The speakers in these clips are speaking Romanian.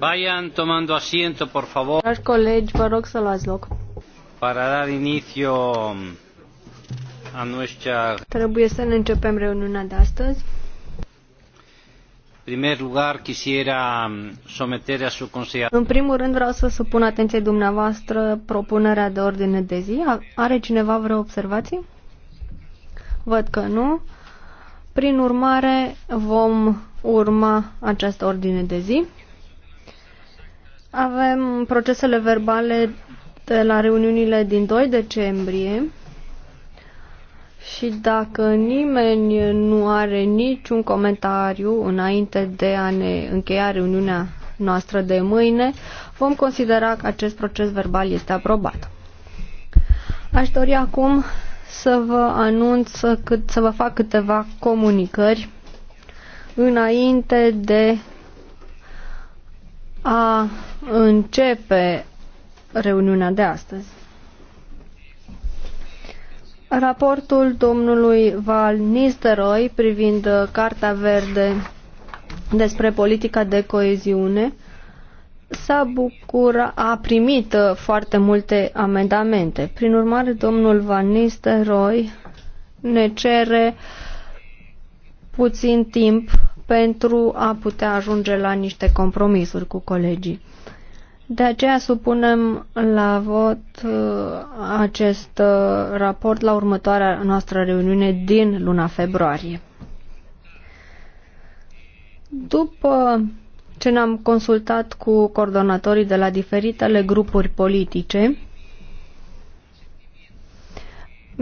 Vayan tomando asiento, por favor. Dragi colegi, vă rog să luați loc. Para dar inicio mm, a nuestra... Trebuie să ne începem reuniunea de astăzi. Mm, în primul rând vreau să supun atenției dumneavoastră propunerea de ordine de zi. Are cineva vreo observații? Văd că nu. Prin urmare, vom urma această ordine de zi. Avem procesele verbale de la reuniunile din 2 decembrie și dacă nimeni nu are niciun comentariu înainte de a ne încheia reuniunea noastră de mâine, vom considera că acest proces verbal este aprobat. Aș dori acum să vă anunț, să vă fac câteva comunicări înainte de a începe reuniunea de astăzi. Raportul domnului Val Nistelrooy privind Carta Verde despre politica de coeziune s-a bucura, a primit foarte multe amendamente. Prin urmare, domnul Van Nistelrooy ne cere puțin timp pentru a putea ajunge la niște compromisuri cu colegii. De aceea supunem la vot uh, acest uh, raport la următoarea noastră reuniune din luna februarie. După ce ne-am consultat cu coordonatorii de la diferitele grupuri politice,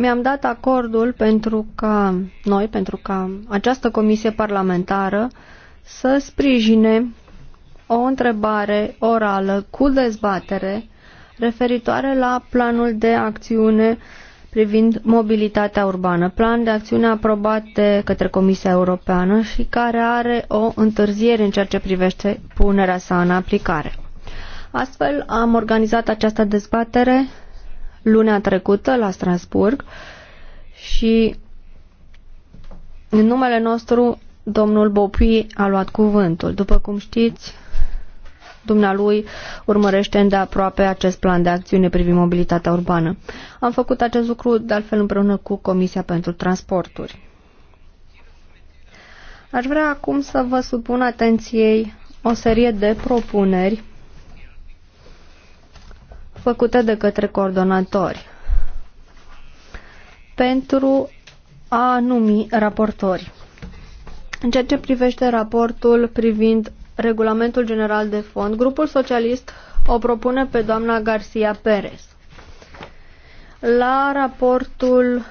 mi-am dat acordul pentru ca noi, pentru ca această comisie parlamentară să sprijine o întrebare orală cu dezbatere referitoare la planul de acțiune privind mobilitatea urbană, plan de acțiune aprobat de către Comisia Europeană și care are o întârziere în ceea ce privește punerea sa în aplicare. Astfel am organizat această dezbatere luna trecută la Strasburg și în numele nostru domnul Bopui a luat cuvântul. După cum știți, dumnealui urmărește îndeaproape acest plan de acțiune privind mobilitatea urbană. Am făcut acest lucru de altfel împreună cu Comisia pentru Transporturi. Aș vrea acum să vă supun atenției o serie de propuneri făcute de către coordonatori pentru a numi raportori. În ceea ce privește raportul privind regulamentul general de fond, grupul socialist o propune pe doamna Garcia Perez. La raportul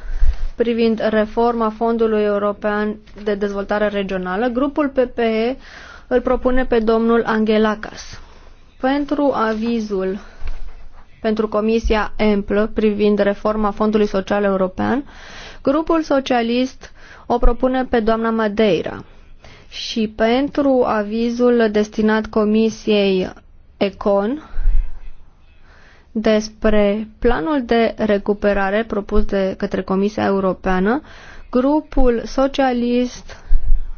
privind reforma Fondului European de Dezvoltare Regională, grupul PPE îl propune pe domnul Angelakis. Pentru avizul pentru Comisia EMPLă privind reforma Fondului Social European, grupul socialist o propune pe doamna Madeira. Și pentru avizul destinat Comisiei ECON despre planul de recuperare propus de către Comisia Europeană, grupul socialist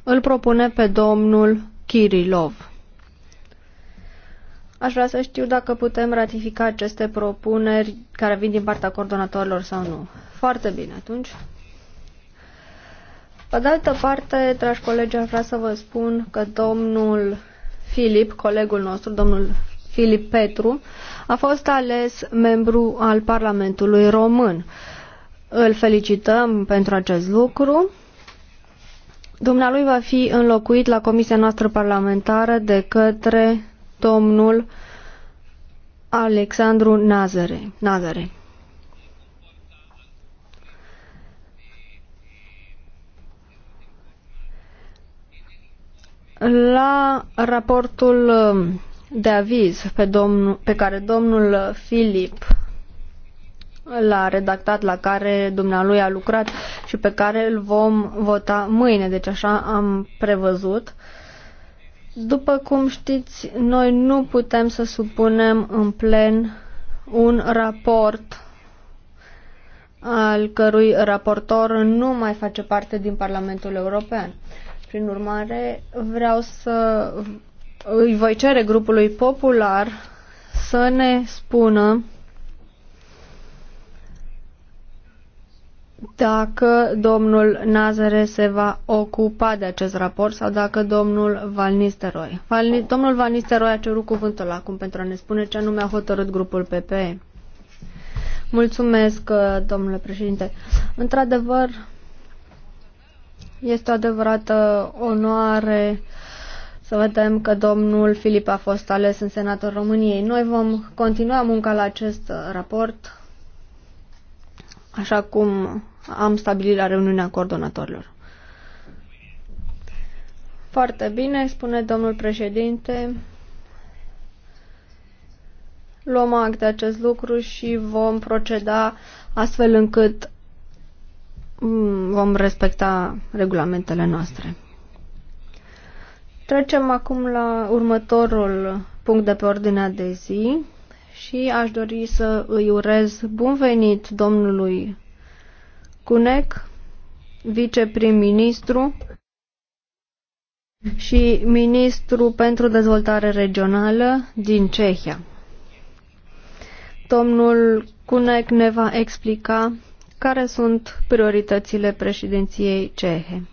îl propune pe domnul Kirilov. Aș vrea să știu dacă putem ratifica aceste propuneri care vin din partea coordonatorilor sau nu. Foarte bine, atunci. Pe de altă parte, dragi colegi, aș vrea să vă spun că domnul Filip, colegul nostru, domnul Filip Petru, a fost ales membru al Parlamentului Român. Îl felicităm pentru acest lucru. Dumnealui va fi înlocuit la comisia noastră parlamentară de către domnul Alexandru Nazare. Nazare. La raportul um, de aviz pe, domnul, pe care domnul Filip l-a redactat, la care dumnealui a lucrat și pe care îl vom vota mâine, deci așa am prevăzut. Uh, după cum știți, noi nu putem să supunem în plen un raport al cărui raportor nu mai face parte din Parlamentul European. Prin urmare, vreau să îi voi cere grupului popular să ne spună dacă domnul Nazare se va ocupa de acest raport sau dacă domnul Val Nisteroi. Val, domnul Val Nisteroi a cerut cuvântul acum pentru a ne spune ce anume a hotărât grupul PPE. Mulțumesc, uh, domnule președinte. Într-adevăr, este o adevărată onoare să vedem că domnul Filip a fost ales în Senatul României. Noi vom continua munca la acest raport, așa cum am stabilit la reuniunea coordonatorilor. Foarte bine, spune domnul președinte. Luăm act de acest lucru și vom proceda astfel încât mm, vom respecta regulamentele noastre. Trecem acum la următorul punct de pe ordinea de zi și aș dori să îi urez bun venit domnului Cunec, viceprim-ministru și ministru pentru dezvoltare regională din Cehia. Domnul Cunec ne va explica care sunt prioritățile președinției cehe.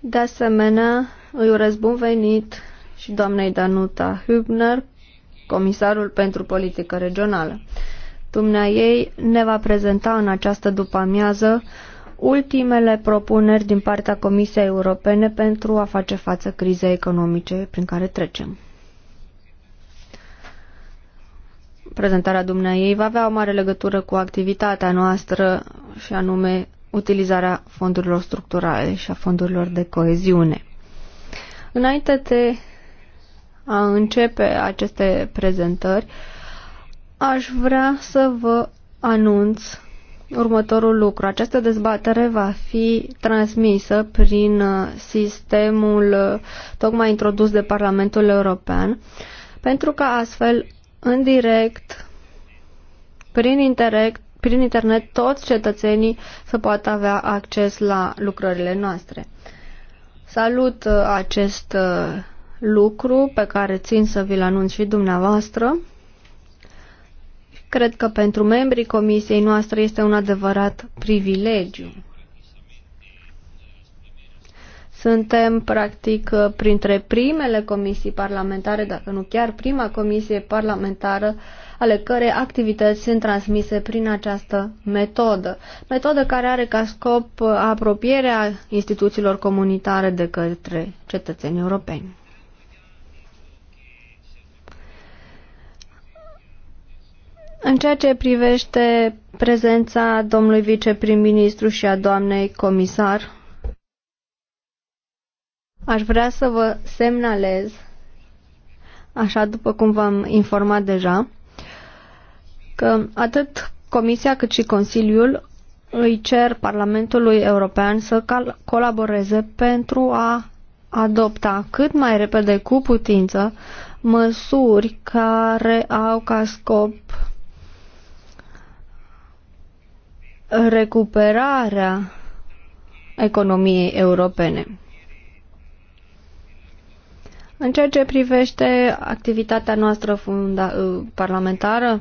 De asemenea, îi urez bun venit și doamnei Danuta Hübner, comisarul pentru politică regională. Dumnea ei ne va prezenta în această după-amiază ultimele propuneri din partea Comisiei Europene pentru a face față crizei economice prin care trecem. Prezentarea dumneai va avea o mare legătură cu activitatea noastră și anume utilizarea fondurilor structurale și a fondurilor de coeziune. Înainte de a începe aceste prezentări, aș vrea să vă anunț următorul lucru. Această dezbatere va fi transmisă prin uh, sistemul uh, tocmai introdus de Parlamentul European, pentru că, astfel, în direct, prin, interact, prin internet, toți cetățenii să poată avea acces la lucrările noastre. Salut uh, acest lucru pe care țin să vi-l anunț și dumneavoastră. Cred că pentru membrii comisiei noastre este un adevărat privilegiu. Suntem, practic, printre primele comisii parlamentare, dacă nu chiar prima comisie parlamentară, ale cărei activități sunt transmise prin această metodă. Metodă care are ca scop apropierea instituțiilor comunitare de către cetățenii europeni. În ceea ce privește prezența domnului viceprim-ministru și a doamnei comisar, aș vrea să vă semnalez, așa după cum v-am informat deja, că atât Comisia cât și Consiliul îi cer Parlamentului European să colaboreze pentru a adopta cât mai repede cu putință măsuri care au ca scop recuperarea economiei europene. În ceea ce privește activitatea noastră funda, uh, parlamentară,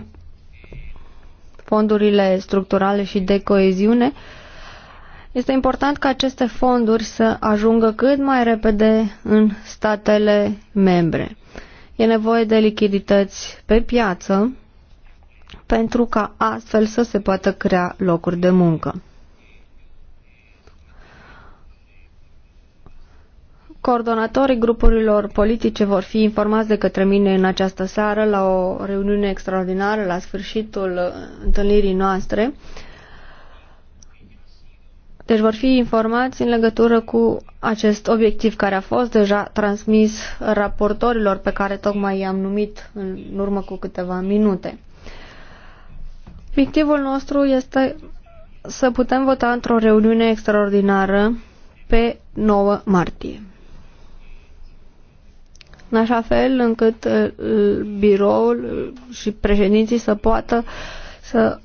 fondurile structurale și de coeziune, este important ca aceste fonduri să ajungă cât mai repede în statele membre. E nevoie de lichidități pe piață pentru ca astfel să se poată crea locuri de muncă. Coordonatorii grupurilor politice vor fi informați de către mine în această seară la o reuniune extraordinară la sfârșitul întâlnirii noastre. Deci vor fi informați în legătură cu acest obiectiv care a fost deja transmis raportorilor pe care tocmai i-am numit în urmă cu câteva minute. Obiectivul nostru este să putem vota într-o reuniune extraordinară pe 9 martie. În așa fel încât uh, biroul și președinții să poată să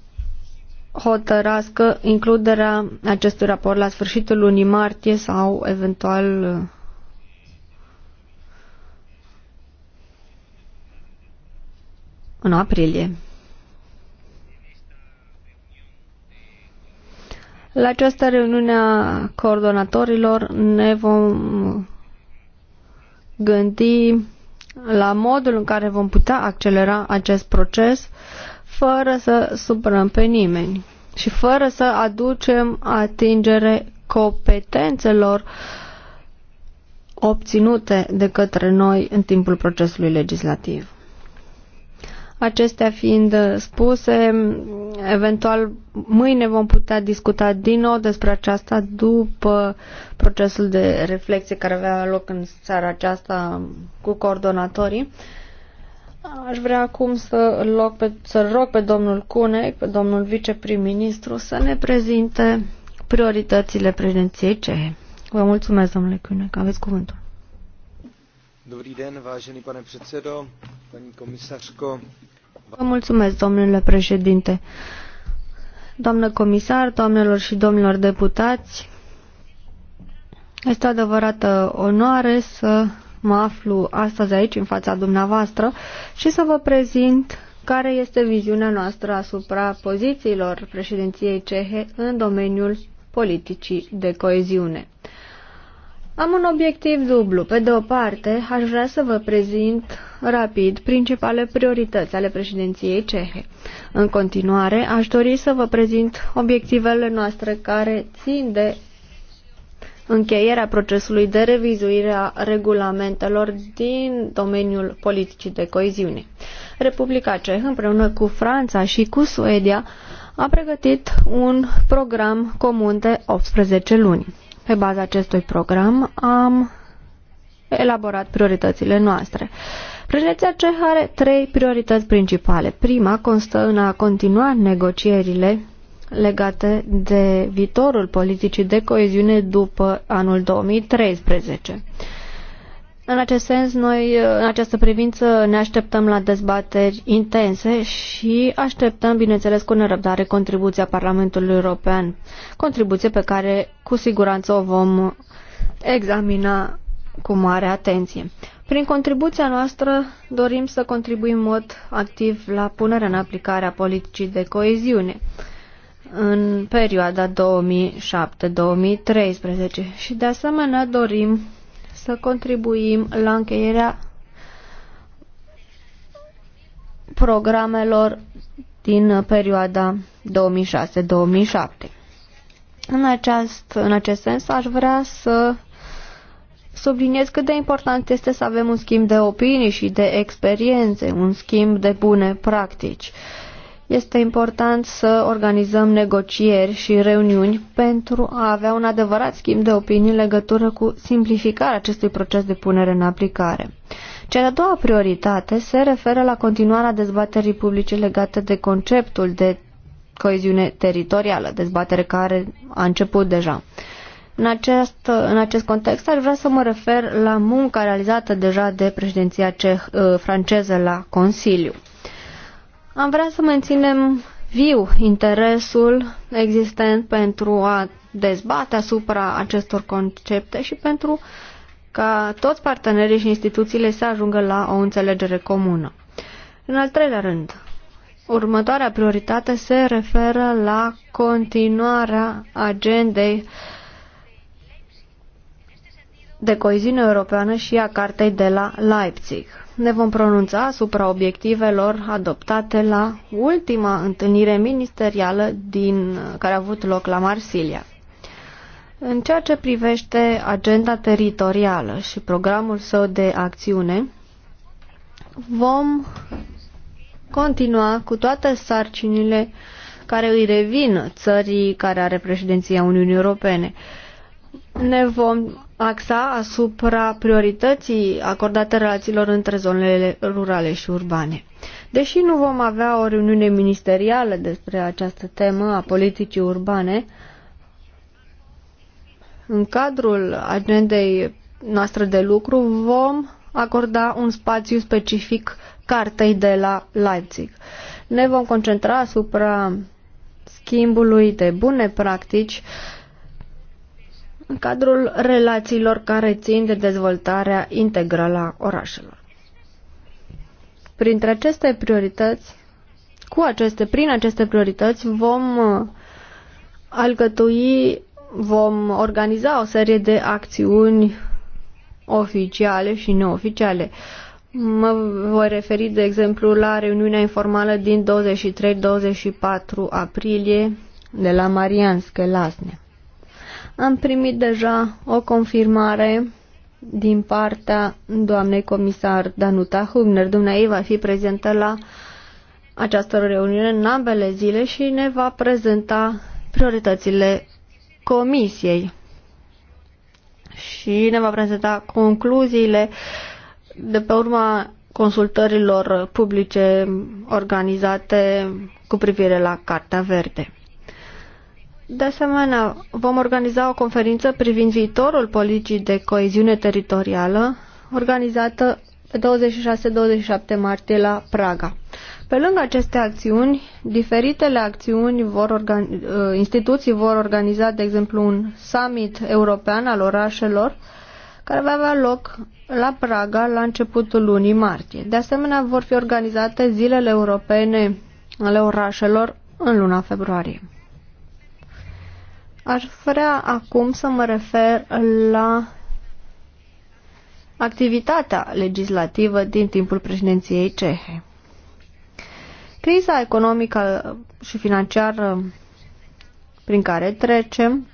hotărască includerea acestui raport la sfârșitul lunii martie sau eventual uh, în aprilie. La această reuniune a coordonatorilor ne vom gândi la modul în care vom putea accelera acest proces fără să supărăm pe nimeni și fără să aducem atingere competențelor obținute de către noi în timpul procesului legislativ. Acestea fiind spuse, eventual mâine vom putea discuta din nou despre aceasta după procesul de reflexie care avea loc în seara aceasta cu coordonatorii. Aș vrea acum să, loc pe, să rog pe domnul Cunec, pe domnul viceprim-ministru, să ne prezinte prioritățile președinției cehe. Vă mulțumesc, domnule Cunec, aveți cuvântul. Vă mulțumesc, domnule președinte. Doamnă comisar, doamnelor și domnilor deputați, este o adevărată onoare să mă aflu astăzi aici, în fața dumneavoastră, și să vă prezint care este viziunea noastră asupra pozițiilor președinției cehe în domeniul politicii de coeziune. Am un obiectiv dublu. Pe de o parte, aș vrea să vă prezint rapid principale priorități ale președinției cehe. În continuare, aș dori să vă prezint obiectivele noastre care țin de încheierea procesului de revizuire a regulamentelor din domeniul politicii de coeziune. Republica Cehă, împreună cu Franța și cu Suedia, a pregătit un program comun de 18 luni. Pe baza acestui program am elaborat prioritățile noastre. Președinția cehă are trei priorități principale. Prima constă în a continua negocierile legate de viitorul politicii de coeziune după anul 2013. În acest sens, noi, în această privință, ne așteptăm la dezbateri intense și așteptăm, bineînțeles, cu nerăbdare contribuția Parlamentului European, contribuție pe care cu siguranță o vom examina cu mare atenție. Prin contribuția noastră dorim să contribuim în mod activ la punerea în aplicare a politicii de coeziune în perioada 2007-2013 și de asemenea dorim să contribuim la încheierea programelor din perioada 2006-2007. În acest, în acest sens aș vrea să subliniez cât de important este să avem un schimb de opinii și de experiențe, un schimb de bune practici. Uh, este important să organizăm negocieri și reuniuni pentru a avea un adevărat schimb de opinii în legătură cu simplificarea acestui proces de punere în aplicare. Cea de-a doua prioritate se referă la continuarea dezbaterii publice legate de conceptul de coeziune teritorială, dezbatere care a început deja. În acest, în acest context aș vrea să mă refer la munca realizată deja de președinția ceh, uh, franceză la Consiliu. Am vrea să menținem viu interesul existent pentru a dezbate asupra acestor concepte și pentru ca toți partenerii și instituțiile să ajungă la o înțelegere comună. În al treilea rând, următoarea prioritate se referă la continuarea agendei uh, de coeziune europeană și a cartei de la Leipzig. Ne vom pronunța asupra obiectivelor adoptate la ultima întâlnire ministerială din, care a avut loc la Marsilia. În ceea ce privește agenda teritorială și programul său de acțiune, vom continua cu toate sarcinile care îi revin țării care are președinția Uniunii Europene. Ne vom axa asupra priorității acordate relațiilor între zonele rurale și urbane. Deși nu vom avea o reuniune ministerială despre această temă a politicii urbane, în cadrul agendei noastre de lucru vom acorda un spațiu specific cartei de la Leipzig. Ne vom concentra asupra schimbului de bune practici uh, în cadrul relațiilor care țin de dezvoltarea integrală a orașelor. Printre aceste priorități, cu aceste, prin aceste priorități vom uh, alcătui, vom organiza o serie de acțiuni oficiale și neoficiale. Mă voi referi, de exemplu, la reuniunea informală din 23-24 aprilie de la Marianske Lasne. Am primit deja o confirmare din partea doamnei comisar Danuta Hubner, Dumnezeu va fi prezentă la această reuniune în ambele zile și ne va prezenta prioritățile comisiei și ne va prezenta concluziile de pe urma consultărilor publice organizate cu privire la Cartea Verde. De asemenea, vom organiza o conferință privind viitorul politicii de coeziune teritorială, organizată pe 26-27 martie la Praga. Pe lângă aceste acțiuni, diferitele acțiuni vor uh, instituții vor organiza, de exemplu, un summit european al orașelor, care va avea loc la Praga la începutul lunii martie. De asemenea, vor fi organizate zilele europene ale orașelor în luna februarie. Aș vrea acum să mă refer la activitatea legislativă din timpul președinției cehe. Criza economică și financiară prin care trecem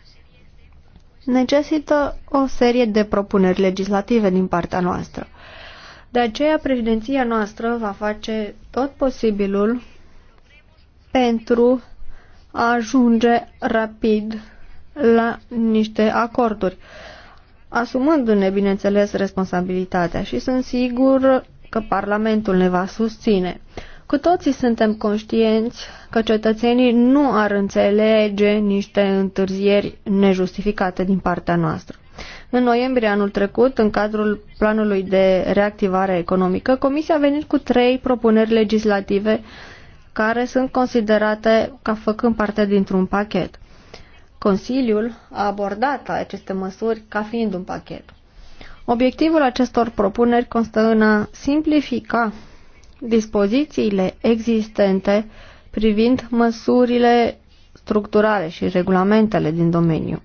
necesită o serie de propuneri legislative din partea noastră. De aceea, președinția noastră va face tot posibilul pentru a ajunge rapid la niște acorduri, asumându-ne, bineînțeles, responsabilitatea și sunt sigur că Parlamentul ne va susține. Cu toții suntem conștienți că cetățenii nu ar înțelege niște întârzieri nejustificate din partea noastră. În noiembrie anul trecut, în cadrul planului de reactivare economică, Comisia a venit cu trei propuneri legislative care sunt considerate ca făcând parte dintr-un pachet. Consiliul a abordat aceste măsuri ca fiind un pachet. Obiectivul acestor propuneri constă în a simplifica dispozițiile existente privind măsurile structurale și regulamentele din domeniu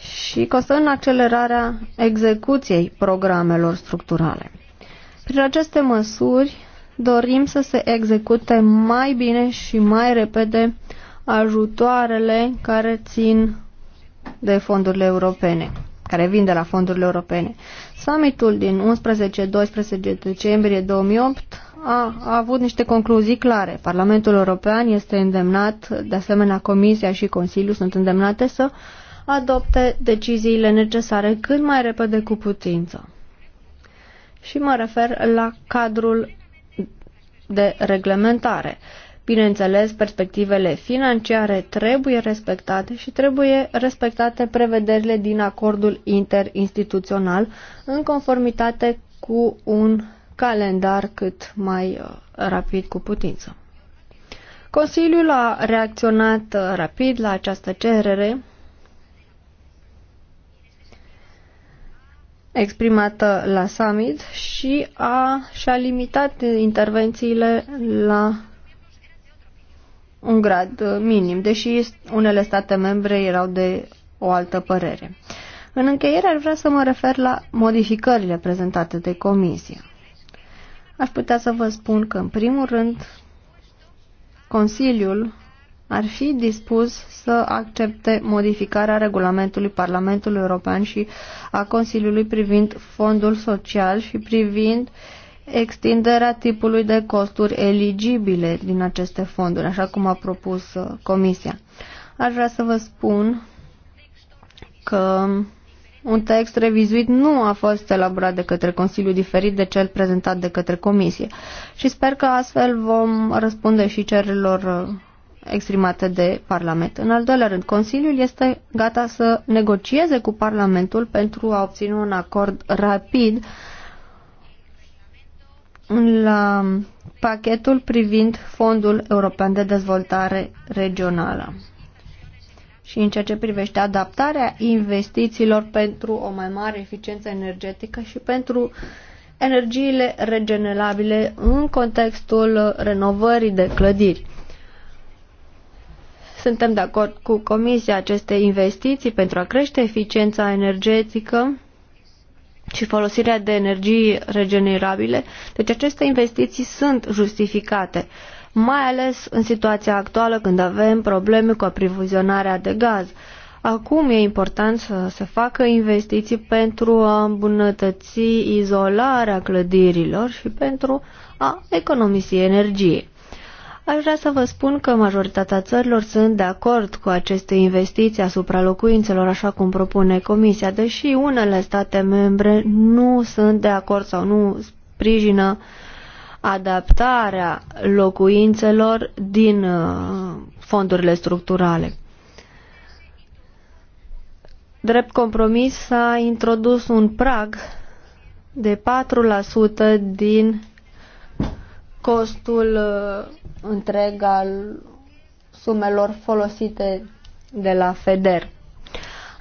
și constă în accelerarea execuției programelor structurale. Prin aceste măsuri dorim să se execute mai bine și mai repede ajutoarele care țin de fondurile europene, care vin de la fondurile europene. Summitul din 11-12 decembrie 2008 a, a avut niște concluzii clare. Parlamentul European este îndemnat, de asemenea Comisia și Consiliul sunt îndemnate să adopte deciziile necesare cât mai repede cu putință. Și mă refer la cadrul de reglementare. Bineînțeles, perspectivele financiare trebuie respectate și trebuie respectate prevederile din acordul interinstituțional în conformitate cu un calendar cât mai uh, rapid cu putință. Consiliul a reacționat uh, rapid la această cerere exprimată la summit și a, și-a limitat intervențiile la un grad uh, minim, deși unele state membre erau de o altă părere. În încheiere ar vrea să mă refer la modificările prezentate de comisie. Aș putea să vă spun că, în primul rând, Consiliul ar fi dispus să accepte modificarea regulamentului Parlamentului European și a Consiliului privind fondul social și privind extinderea tipului de costuri eligibile din aceste fonduri, așa cum a propus uh, Comisia. Aș vrea să vă spun că un text revizuit nu a fost elaborat de către Consiliu diferit de cel prezentat de către Comisie și sper că astfel vom răspunde și cererilor uh, exprimate de Parlament. În al doilea rând, Consiliul este gata să negocieze cu Parlamentul pentru a obține un acord rapid la pachetul privind Fondul European de Dezvoltare Regională și în ceea ce privește adaptarea investițiilor pentru o mai mare eficiență energetică și pentru energiile regenerabile în contextul renovării de clădiri. Suntem de acord cu Comisia aceste investiții pentru a crește eficiența energetică și folosirea de energii regenerabile, deci aceste investiții sunt justificate, mai ales în situația actuală când avem probleme cu aprovizionarea de gaz. Acum e important să se facă investiții pentru a îmbunătăți izolarea clădirilor și pentru a economisi energie. Aș vrea să vă spun că majoritatea țărilor sunt de acord cu aceste investiții asupra locuințelor, așa cum propune Comisia, deși unele state membre nu sunt de acord sau nu sprijină adaptarea locuințelor din uh, fondurile structurale. Drept compromis s-a introdus un prag de 4% din costul uh, întreg al sumelor folosite de la FEDER.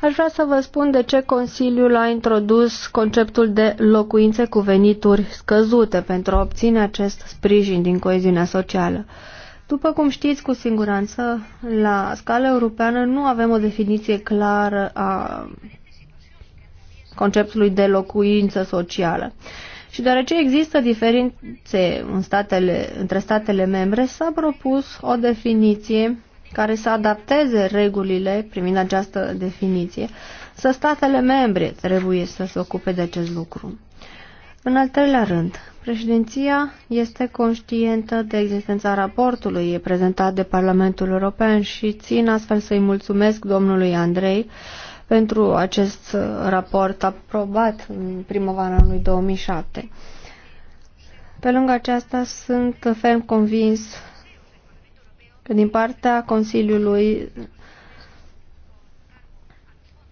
Aș vrea să vă spun de ce Consiliul a introdus conceptul de locuințe cu venituri scăzute pentru a obține acest sprijin din coeziunea socială. După cum știți cu siguranță, la scală europeană nu avem o definiție clară a conceptului de locuință socială. Și deoarece există diferențe în statele, între statele membre, s-a propus o definiție care să adapteze regulile primind această definiție, să statele membre trebuie să se ocupe de acest lucru. În al treilea rând, președinția este conștientă de existența raportului prezentat de Parlamentul European și țin astfel să-i mulțumesc domnului Andrei pentru acest uh, raport aprobat în primăvara anului 2007. Pe lângă aceasta, sunt ferm convins că din partea Consiliului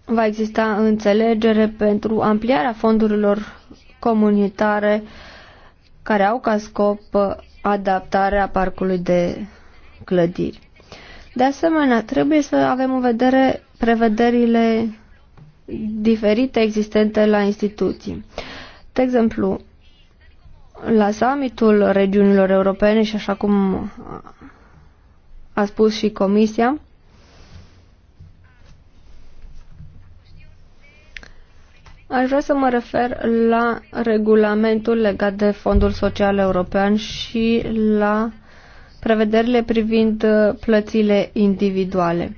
va exista înțelegere pentru ampliarea fondurilor comunitare care au ca scop uh, adaptarea parcului de clădiri. De asemenea, trebuie să avem în vedere prevederile diferite existente la instituții. De exemplu, la summitul regiunilor europene și așa cum a spus și Comisia, Aș vrea să mă refer la regulamentul legat de Fondul Social European și la prevederile privind uh, plățile individuale.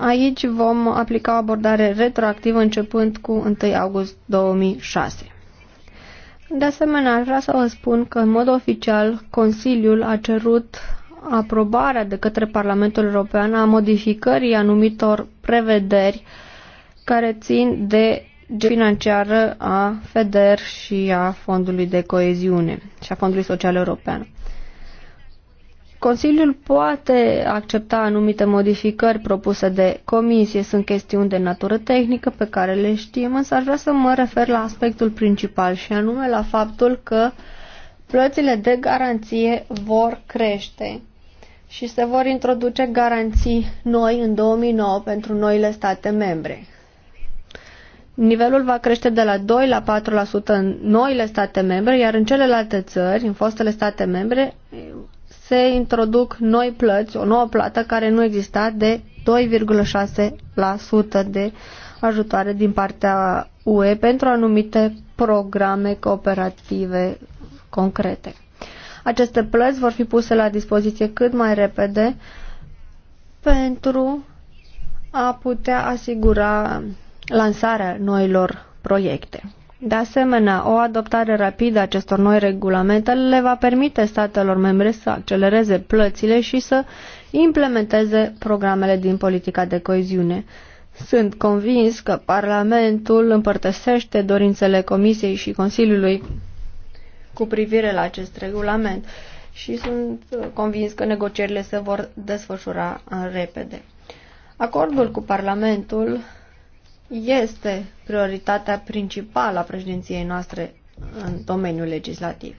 Aici vom aplica o abordare retroactivă începând cu 1 august 2006. De asemenea, aș vrea să vă spun că, în mod oficial, Consiliul a cerut aprobarea de către Parlamentul European a modificării anumitor prevederi care țin de financiară a FEDER și a Fondului de Coeziune și a Fondului Social European. Consiliul poate accepta anumite modificări propuse de comisie, sunt chestiuni de natură tehnică pe care le știm, însă aș vrea să mă refer la aspectul principal și anume la faptul că plățile de garanție vor crește și se vor introduce garanții noi în 2009 pentru noile state membre. Nivelul va crește de la 2 la 4% în noile state membre, iar în celelalte țări, în fostele state membre, se introduc noi plăți, o nouă plată care nu exista de 2,6% de ajutoare din partea UE pentru anumite programe cooperative concrete. Aceste plăți vor fi puse la dispoziție cât mai repede pentru a putea asigura lansarea noilor proiecte. De asemenea, o adoptare rapidă a acestor noi regulamente le va permite statelor membre să accelereze plățile și să implementeze programele din politica de coeziune. Sunt convins că Parlamentul împărtășește dorințele Comisiei și Consiliului cu privire la acest regulament și sunt convins că negocierile se vor desfășura în repede. Acordul cu Parlamentul este prioritatea principală a președinției noastre în domeniul legislativ.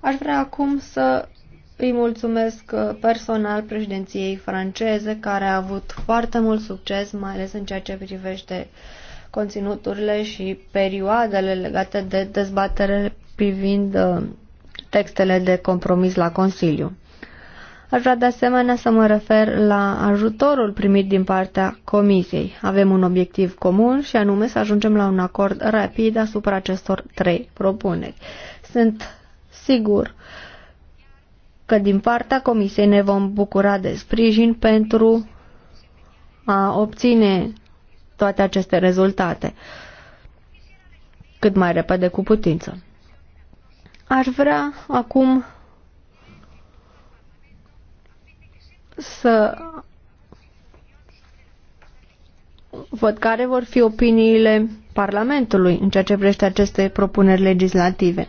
Aș vrea acum să îi mulțumesc personal președinției franceze, care a avut foarte mult succes, mai ales în ceea ce privește conținuturile și perioadele legate de dezbatere privind uh, textele de compromis la Consiliu. Aș vrea de asemenea să mă refer la ajutorul primit din partea Comisiei. Avem un obiectiv comun și anume să ajungem la un acord rapid asupra acestor trei propuneri. Sunt sigur că din partea Comisiei ne vom bucura de sprijin pentru a obține toate aceste rezultate cât mai repede cu putință. Aș vrea acum să văd care vor fi opiniile Parlamentului în ceea ce privește aceste propuneri legislative.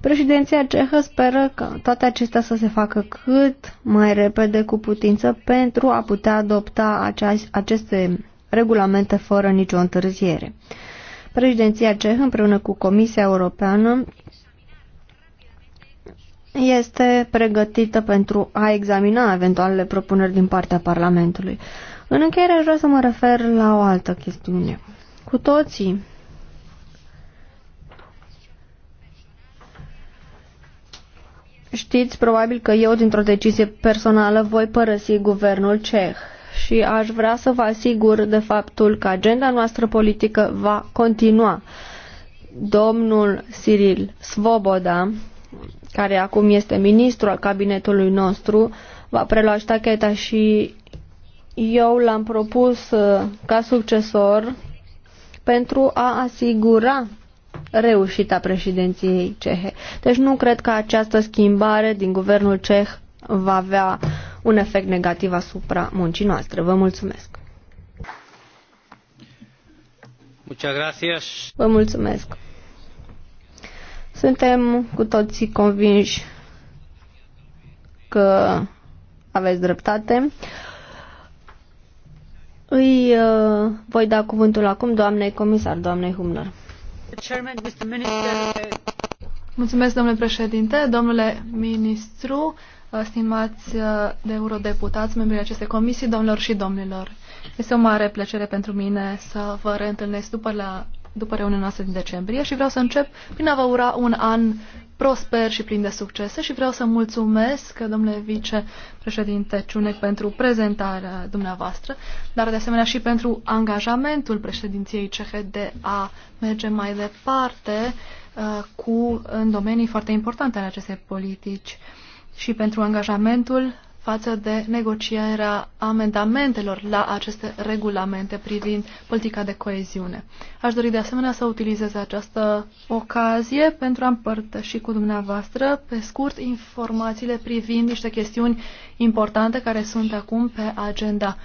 Președinția cehă speră că toate acestea să se facă cât mai repede cu putință pentru a putea adopta aceste regulamente fără nicio întârziere. Președinția cehă împreună cu Comisia Europeană este pregătită pentru a examina eventualele propuneri din partea Parlamentului. În încheiere vreau să mă refer la o altă chestiune. Cu toții știți probabil că eu dintr-o decizie personală voi părăsi guvernul ceh și aș vrea să vă asigur de faptul că agenda noastră politică va continua. Domnul Cyril Svoboda care acum este ministru al cabinetului nostru, va prelua ștacheta și eu l-am propus uh, ca succesor pentru a asigura reușita președinției cehe. Deci nu cred că această schimbare din guvernul ceh va avea un efect negativ asupra muncii noastre. Vă mulțumesc! Vă mulțumesc! Suntem cu toții convinși că aveți dreptate. Îi uh, voi da cuvântul acum doamnei comisar, doamnei Humner. Mulțumesc, domnule președinte, domnule ministru, uh, stimați uh, de eurodeputați, membrii acestei comisii, domnilor și domnilor. Este o mare plăcere pentru mine să vă reîntâlnesc după la după reuniunea noastră din decembrie și vreau să încep prin a vă ura un an prosper și plin de succese și vreau să mulțumesc, domnule vicepreședinte Ciunec, pentru prezentarea dumneavoastră, dar de asemenea și pentru angajamentul președinției cehe de a merge mai departe uh, cu în domenii foarte importante ale acestei politici și pentru angajamentul față de negocierea amendamentelor la aceste regulamente privind politica de coeziune. Aș dori de asemenea să utilizez această ocazie pentru a împărtăși cu dumneavoastră, pe scurt, informațiile privind niște chestiuni importante care sunt acum pe agenda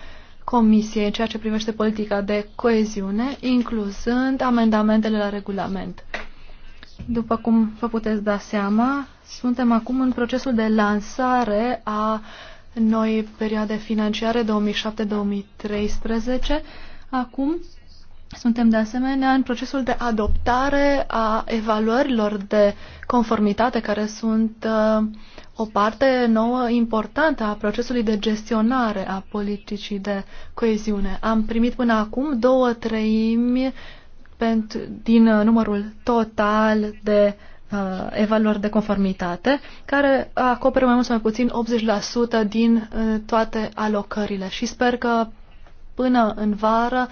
Comisiei în ceea ce privește politica de coeziune, incluzând amendamentele la regulament. După cum vă puteți da seama, suntem acum în procesul de lansare a noi perioade financiare 2007-2013. Acum suntem de asemenea în procesul de adoptare a evaluărilor de conformitate care sunt uh, o parte nouă importantă a procesului de gestionare a politicii de coeziune. Am primit până acum două treimi pentru, din uh, numărul total de uh, evaluări de conformitate, care acoperă mai mult sau mai puțin 80% din uh, toate alocările. Și sper că până în vară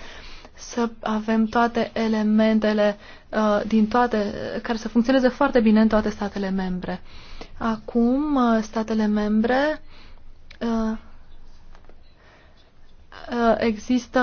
să avem toate elementele uh, din toate, care să funcționeze foarte bine în toate statele membre. Acum, uh, statele membre uh, Uh, există,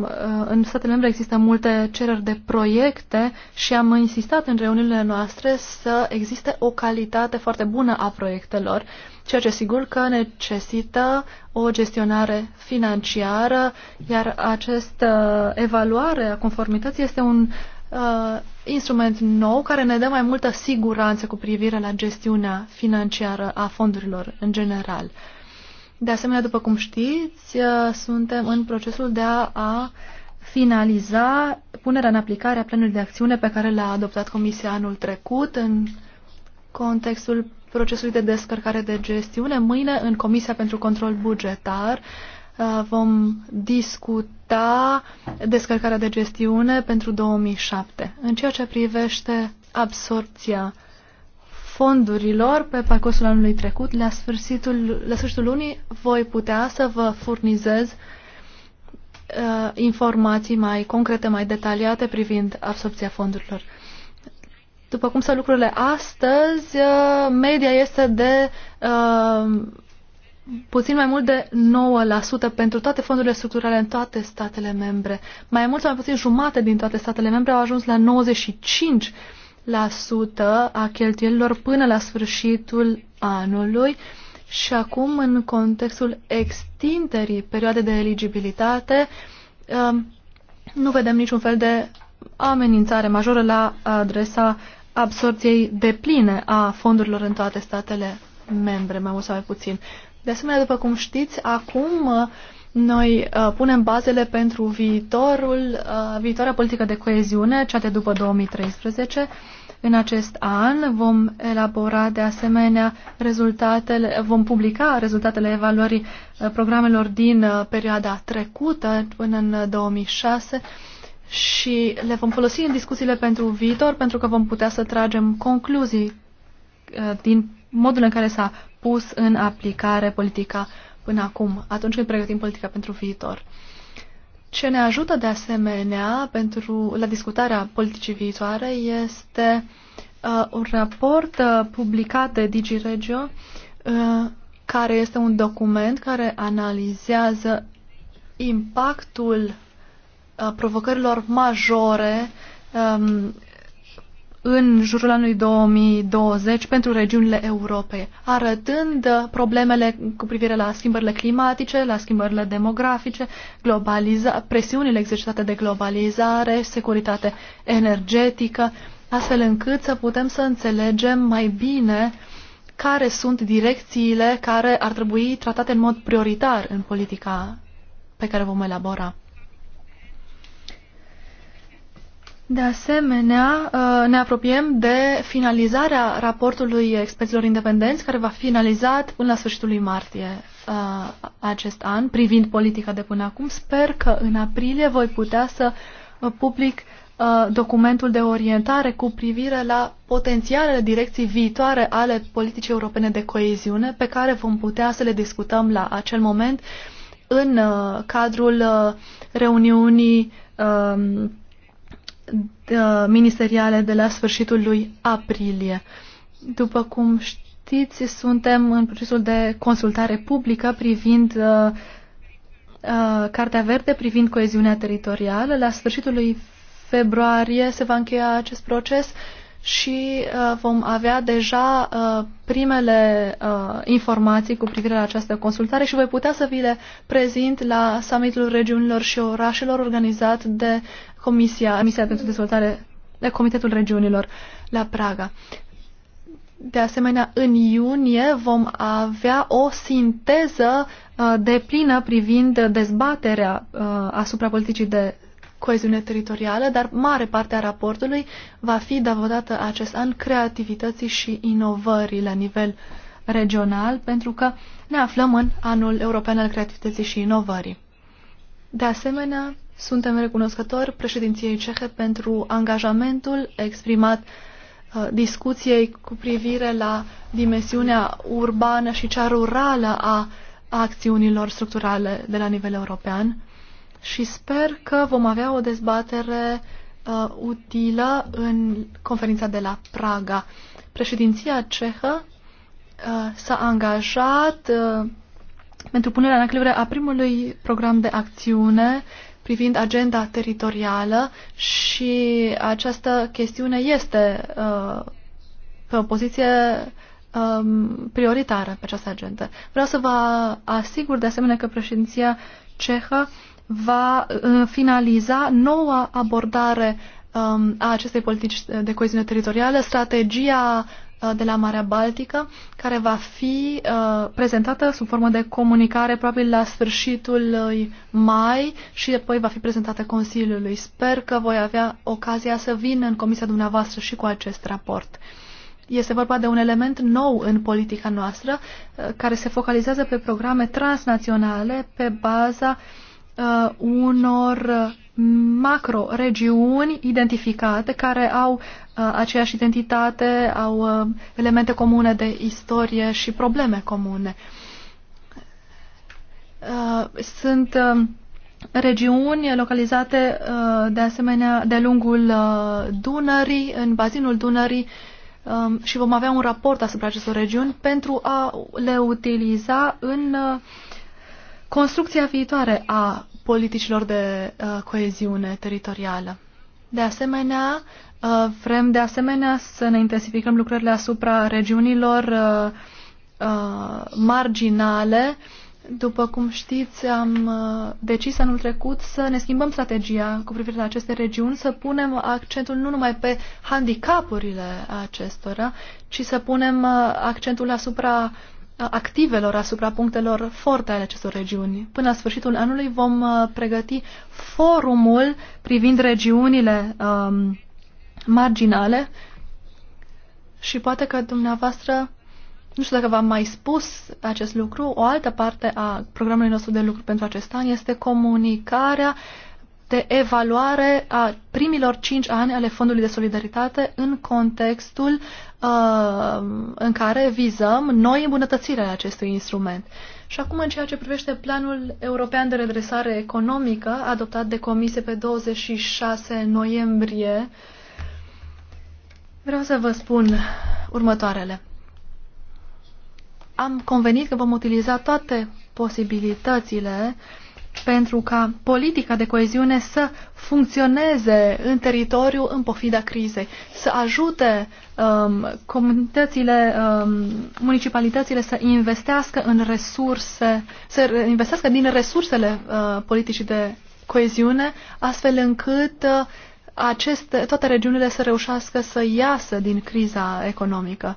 uh, în statele membre există multe cereri de proiecte și am insistat în reuniunile noastre să existe o calitate foarte bună a proiectelor, ceea ce sigur că necesită o gestionare financiară, iar această evaluare a conformității este un uh, instrument nou care ne dă mai multă siguranță cu privire la gestiunea financiară a fondurilor în general. Uh, de asemenea, după cum știți, uh, suntem în procesul de a, a finaliza punerea în aplicare a planului de acțiune pe care l-a adoptat Comisia anul trecut în contextul procesului de descărcare de gestiune. Mâine, în Comisia pentru Control Bugetar, uh, vom discuta descărcarea de gestiune pentru 2007. În ceea ce privește absorpția fondurilor pe parcursul anului trecut. La sfârșitul, la sfârșitul lunii voi putea să vă furnizez uh, informații mai concrete, mai detaliate privind absorpția fondurilor. După cum sunt lucrurile astăzi, uh, media este de uh, puțin mai mult de 9% pentru toate fondurile structurale în toate statele membre. Mai mult sau mai puțin jumate din toate statele membre au ajuns la 95% a cheltuielilor până la sfârșitul anului și acum, în contextul extinderii perioadei de eligibilitate, um, nu vedem niciun fel de amenințare majoră la adresa absorției pline a fondurilor în toate statele membre, mai mult sau mai puțin. De asemenea, după cum știți, acum uh, noi uh, punem bazele pentru viitorul, uh, viitoarea politică de coeziune, cea de după 2013, în acest an vom elabora de asemenea rezultatele, vom publica rezultatele evaluării uh, programelor din uh, perioada trecută până în 2006 uh, și le vom folosi în discuțiile pentru viitor pentru că vom putea să tragem concluzii din modul în care s-a pus în aplicare politica până acum, atunci când pregătim politica pentru viitor. Ce ne ajută de asemenea pentru, la discutarea politicii viitoare este uh, un raport uh, publicat de DigiRegio uh, care este un document care analizează impactul uh, provocărilor majore um, în jurul anului 2020 pentru regiunile Europei, arătând problemele cu privire la schimbările climatice, la schimbările demografice, presiunile exercitate de globalizare, securitate energetică, astfel încât să putem să înțelegem mai bine care sunt direcțiile care ar trebui tratate în mod prioritar în politica pe care vom elabora. De asemenea, uh, ne apropiem de finalizarea raportului experților independenți, care va fi finalizat până la sfârșitul lui martie uh, acest an, privind politica de până acum. Sper că în aprilie voi putea să uh, public documentul de orientare cu privire la potențialele direcții viitoare ale politicii europene de coeziune, pe care vom putea să le discutăm la acel moment în cadrul reuniunii um, Uh, ministeriale de la sfârșitul lui aprilie. După cum știți, suntem în procesul de consultare publică privind uh, uh, Cartea Verde, privind coeziunea teritorială. La sfârșitul lui februarie se va încheia acest proces și uh, vom avea deja uh, primele uh, informații cu privire la această consultare și voi putea să vi le prezint la summitul regiunilor și orașelor organizat de Comisia, Comisia pentru Dezvoltare, Comitetul Regiunilor la Praga. De asemenea, în iunie vom avea o sinteză uh, de plină privind dezbaterea uh, asupra politicii de coeziune teritorială, dar mare parte a raportului va fi davodată acest an creativității și inovării la nivel regional, pentru că ne aflăm în anul european al creativității și inovării. De asemenea, suntem recunoscători președinției cehe pentru angajamentul exprimat uh, discuției cu privire la dimensiunea urbană și cea rurală a acțiunilor structurale de la nivel european și sper că vom avea o dezbatere uh, utilă în conferința de la Praga. Președinția cehă uh, s-a angajat uh, pentru punerea în aplicare a primului program de acțiune privind agenda teritorială și această chestiune este uh, pe o poziție um, prioritară pe această agendă. Vreau să vă asigur de asemenea că președinția cehă va uh, finaliza noua abordare um, a acestei politici de coeziune teritorială, strategia Uh, de la Marea Baltică, care va fi uh, prezentată sub formă de comunicare probabil la sfârșitul uh, mai și apoi va fi prezentată Consiliului. Sper că voi avea ocazia să vin în comisia dumneavoastră și cu acest raport. Este vorba de un element nou în politica noastră care se focalizează pe programe transnaționale pe baza uh, unor macro-regiuni identificate care au uh, aceeași identitate, au uh, elemente comune de istorie și probleme comune. Uh, sunt regiuni localizate de asemenea de lungul Dunării, în bazinul Dunării um, și vom avea un raport asupra acestor regiuni pentru a le utiliza în construcția viitoare a politicilor de uh, coeziune teritorială. De asemenea, uh, vrem de asemenea să ne intensificăm lucrările asupra regiunilor uh, uh, marginale. După cum știți, am uh, decis anul trecut să ne schimbăm strategia cu privire la aceste regiuni, să punem accentul nu numai pe handicapurile acestora, ci să punem uh, accentul asupra uh, activelor asupra punctelor forte ale acestor regiuni. Până la sfârșitul anului vom uh, pregăti forumul privind regiunile um, marginale și poate că dumneavoastră, nu știu dacă v-am mai spus acest lucru, o altă parte a programului nostru de lucru pentru acest an este comunicarea uh, de evaluare a primilor cinci ani ale Fondului de Solidaritate în contextul uh, în care vizăm noi îmbunătățirea acestui instrument. Și acum în ceea ce privește planul european de redresare economică adoptat de comisie pe 26 noiembrie, vreau să vă spun următoarele. Am convenit că vom utiliza toate posibilitățile pentru ca politica de coeziune să funcționeze în teritoriu în pofida crizei, să ajute um, comunitățile, um, municipalitățile să investească în resurse, să investească din resursele uh, politicii de coeziune, astfel încât uh, aceste, toate regiunile să reușească să iasă din criza economică.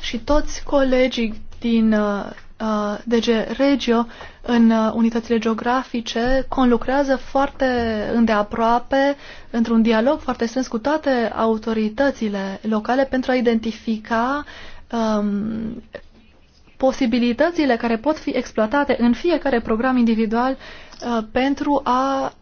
Și toți colegii din uh, Uh, DG Regio în uh, unitățile geografice conlucrează foarte îndeaproape, într-un dialog foarte strâns cu toate autoritățile locale pentru a identifica um, posibilitățile care pot fi exploatate în fiecare program individual uh, pentru a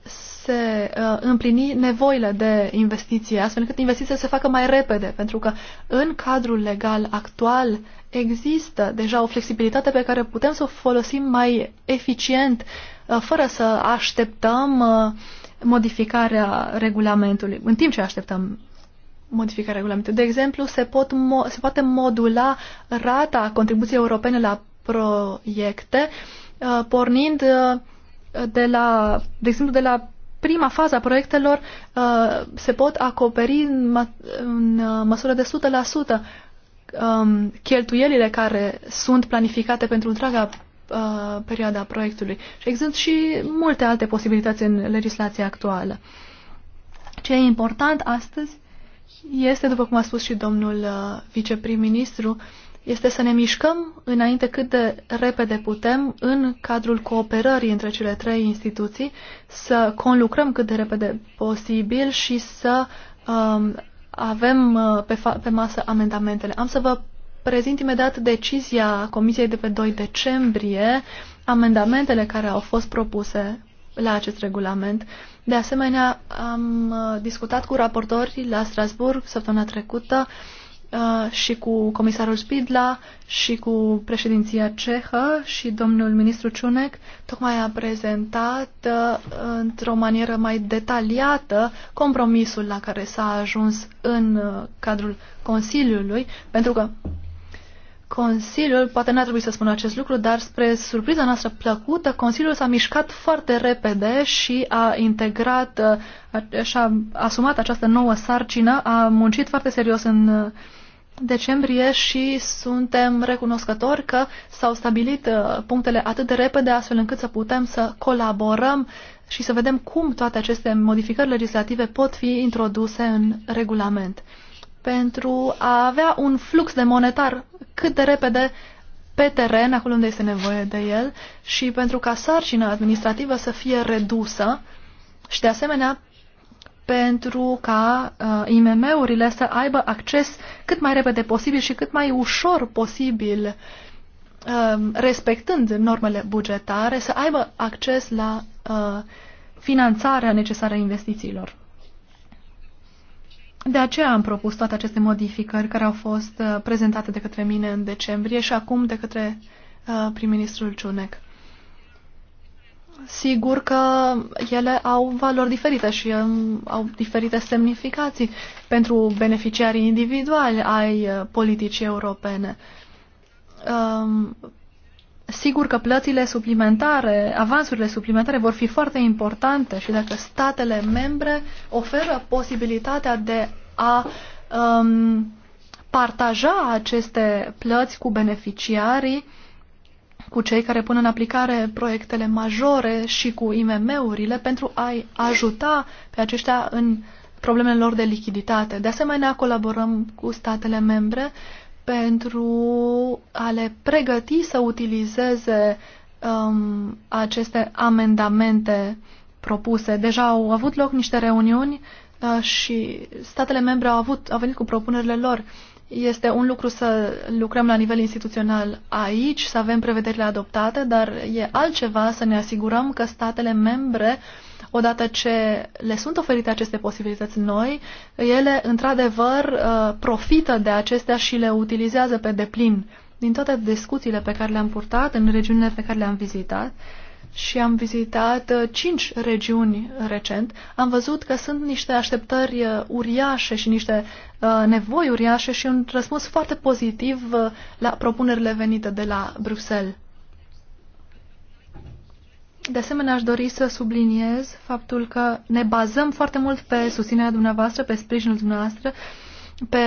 se uh, împlini nevoile de investiție, astfel încât investiția se facă mai repede, pentru că în cadrul legal actual există deja o flexibilitate pe care putem să o folosim mai eficient, uh, fără să așteptăm uh, modificarea regulamentului, în timp ce așteptăm modificarea regulamentului. De exemplu, se, pot mo- se poate modula rata contribuției europene la proiecte, uh, pornind uh, de la, de exemplu, de la prima fază a proiectelor uh, se pot acoperi în, mă, în uh, măsură de 100% um, cheltuielile care sunt planificate pentru întreaga uh, perioada proiectului. Și există și multe alte posibilități în legislația actuală. Ce e important astăzi este, după cum a spus și domnul uh, viceprim-ministru, uh, este să ne mișcăm înainte cât de repede putem în cadrul cooperării între cele trei instituții, să conlucrăm cât de repede posibil și să um, avem uh, pe, pe masă amendamentele. Am să vă prezint imediat decizia Comisiei de pe 2 decembrie, amendamentele care au fost propuse la acest regulament. De asemenea, am uh, discutat cu raportorii la Strasburg săptămâna trecută uh, Uh, și cu comisarul Spidla și cu președinția cehă și domnul ministru Ciunec tocmai a prezentat uh, într-o manieră mai detaliată compromisul la care s-a ajuns în uh, cadrul Consiliului, pentru că Consiliul, poate n-ar trebui să spun acest lucru, dar spre surpriza noastră plăcută, Consiliul s-a mișcat foarte repede și a integrat uh, și-a asumat această nouă sarcină, a muncit foarte serios în uh, decembrie și suntem recunoscători că s-au stabilit uh, punctele atât de repede astfel încât să putem să colaborăm și să vedem cum toate aceste modificări legislative pot fi introduse în regulament pentru a avea un flux de monetar cât de repede pe teren, acolo unde este nevoie de el, și pentru ca sarcina administrativă să fie redusă și, de asemenea, pentru ca uh, IMM-urile să aibă acces cât mai repede posibil și cât mai ușor posibil, uh, respectând normele bugetare, să aibă acces la uh, finanțarea necesară investițiilor. De aceea am propus toate aceste modificări care au fost uh, prezentate de către mine în decembrie și acum de către uh, prim-ministrul Ciunec. Sigur că ele au valori diferite și um, au diferite semnificații pentru beneficiarii individuali ai uh, politicii europene. Um, Sigur că plățile suplimentare, avansurile suplimentare vor fi foarte importante și dacă statele membre oferă posibilitatea de a um, partaja aceste plăți cu beneficiarii, cu cei care pun în aplicare proiectele majore și cu IMM-urile pentru a-i ajuta pe aceștia în problemele lor de lichiditate. De asemenea, colaborăm cu statele membre pentru a le pregăti să utilizeze um, aceste amendamente propuse. Deja au avut loc niște reuniuni uh, și statele membre au, avut, au venit cu propunerile lor. Este un lucru să lucrăm la nivel instituțional aici, să avem prevederile adoptate, dar e altceva să ne asigurăm că statele membre uh, odată ce le sunt oferite aceste posibilități noi, ele într-adevăr uh, profită de acestea și le utilizează pe deplin. Din toate discuțiile pe care le-am purtat în regiunile pe care le-am vizitat, și am vizitat uh, cinci regiuni recent, am văzut că sunt niște așteptări uh, uriașe și niște nevoi uriașe și un răspuns foarte pozitiv la propunerile venite de la Bruxelles. De asemenea, aș dori să subliniez faptul că ne bazăm foarte mult pe susținerea dumneavoastră, pe sprijinul dumneavoastră, pe,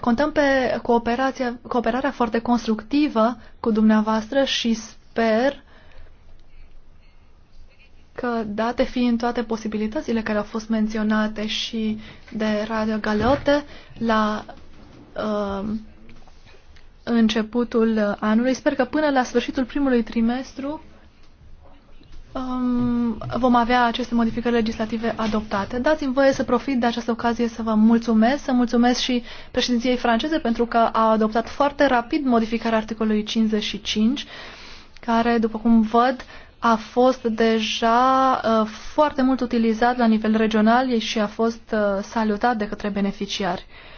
contăm pe cooperația, cooperarea foarte constructivă cu dumneavoastră și sper că, date fiind toate posibilitățile care au fost menționate și de Radio Galeote la uh, începutul anului, sper că până la sfârșitul primului trimestru um, vom avea aceste modificări legislative adoptate. Dați-mi voie să profit de această ocazie să vă mulțumesc, să mulțumesc și președinției franceze pentru că a adoptat foarte rapid modificarea articolului 55, care, după cum văd, a fost deja uh, foarte mult utilizat la nivel regional și a fost uh, salutat de către beneficiari. Uh,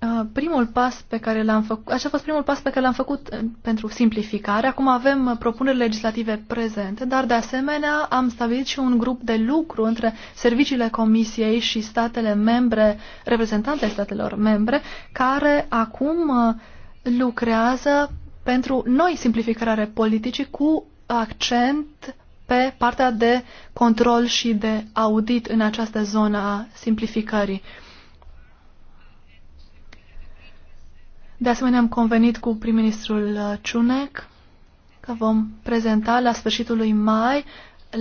Ah, primul pas pe care l-am făcut, așa a fost primul pas pe care l-am făcut eh, pentru simplificare. Acum avem eh, propuneri legislative prezente, dar de asemenea am stabilit și un grup de lucru între serviciile Comisiei și statele membre, reprezentante statelor membre, care acum eh, lucrează pentru noi simplificare politicii cu accent pe partea de control și de audit în această zonă a simplificării. Uh, De asemenea, am convenit cu prim-ministrul uh, Ciunec că vom prezenta la sfârșitul lui mai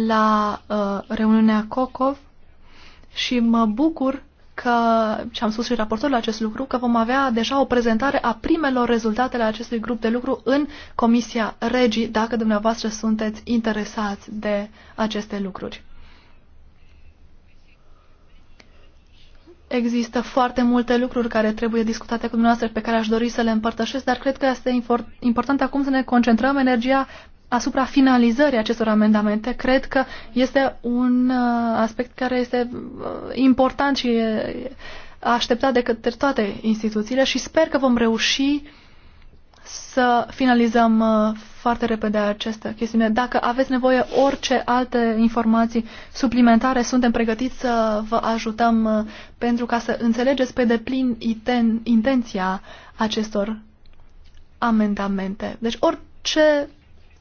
la uh, reuniunea COCOV și mă bucur că, și am spus și raportorul acest lucru, că vom avea deja o prezentare a primelor rezultatele acestui grup de lucru în Comisia Regii, dacă dumneavoastră sunteți interesați de aceste lucruri. Există foarte multe lucruri care trebuie discutate cu dumneavoastră pe care aș dori să le împărtășesc, dar cred că este important acum să ne concentrăm energia asupra finalizării acestor amendamente. Cred că este un uh, aspect care este uh, important și așteptat de către toate instituțiile și sper că vom reuși să finalizăm uh, foarte repede această chestiune. Dacă aveți nevoie orice alte informații suplimentare, suntem pregătiți să vă ajutăm uh, pentru ca să înțelegeți pe deplin iten, intenția acestor amendamente. Deci orice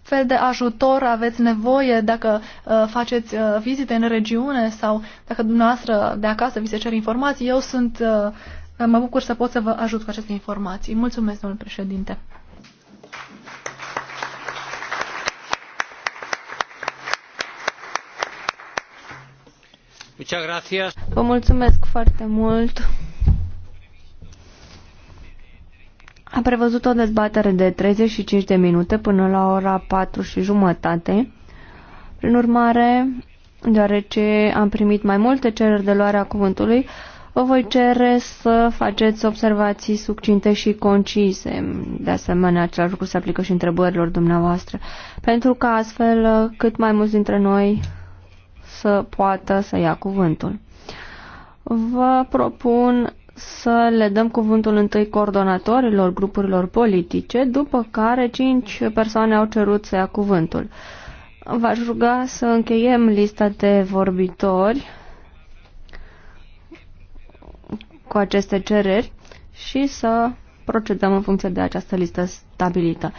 fel de ajutor aveți nevoie dacă uh, faceți uh, vizite în regiune sau dacă dumneavoastră de acasă vi se cer informații, eu sunt, uh, mă bucur să pot să vă ajut cu aceste informații. Mulțumesc, domnul președinte. Vă mulțumesc foarte mult. Am prevăzut o dezbatere de 35 de minute până la ora 4 și jumătate. Prin urmare, deoarece am primit mai multe cereri de luare a cuvântului, vă voi cere să faceți observații succinte și concise. De asemenea, același lucru se aplică și întrebărilor dumneavoastră, pentru că astfel cât mai mulți dintre noi să poată să ia cuvântul. Vă propun să le dăm cuvântul întâi coordonatorilor grupurilor politice, după care cinci persoane au cerut să ia cuvântul. V-aș ruga să încheiem lista de vorbitori cu aceste cereri și să procedăm în funcție de această listă stabilită.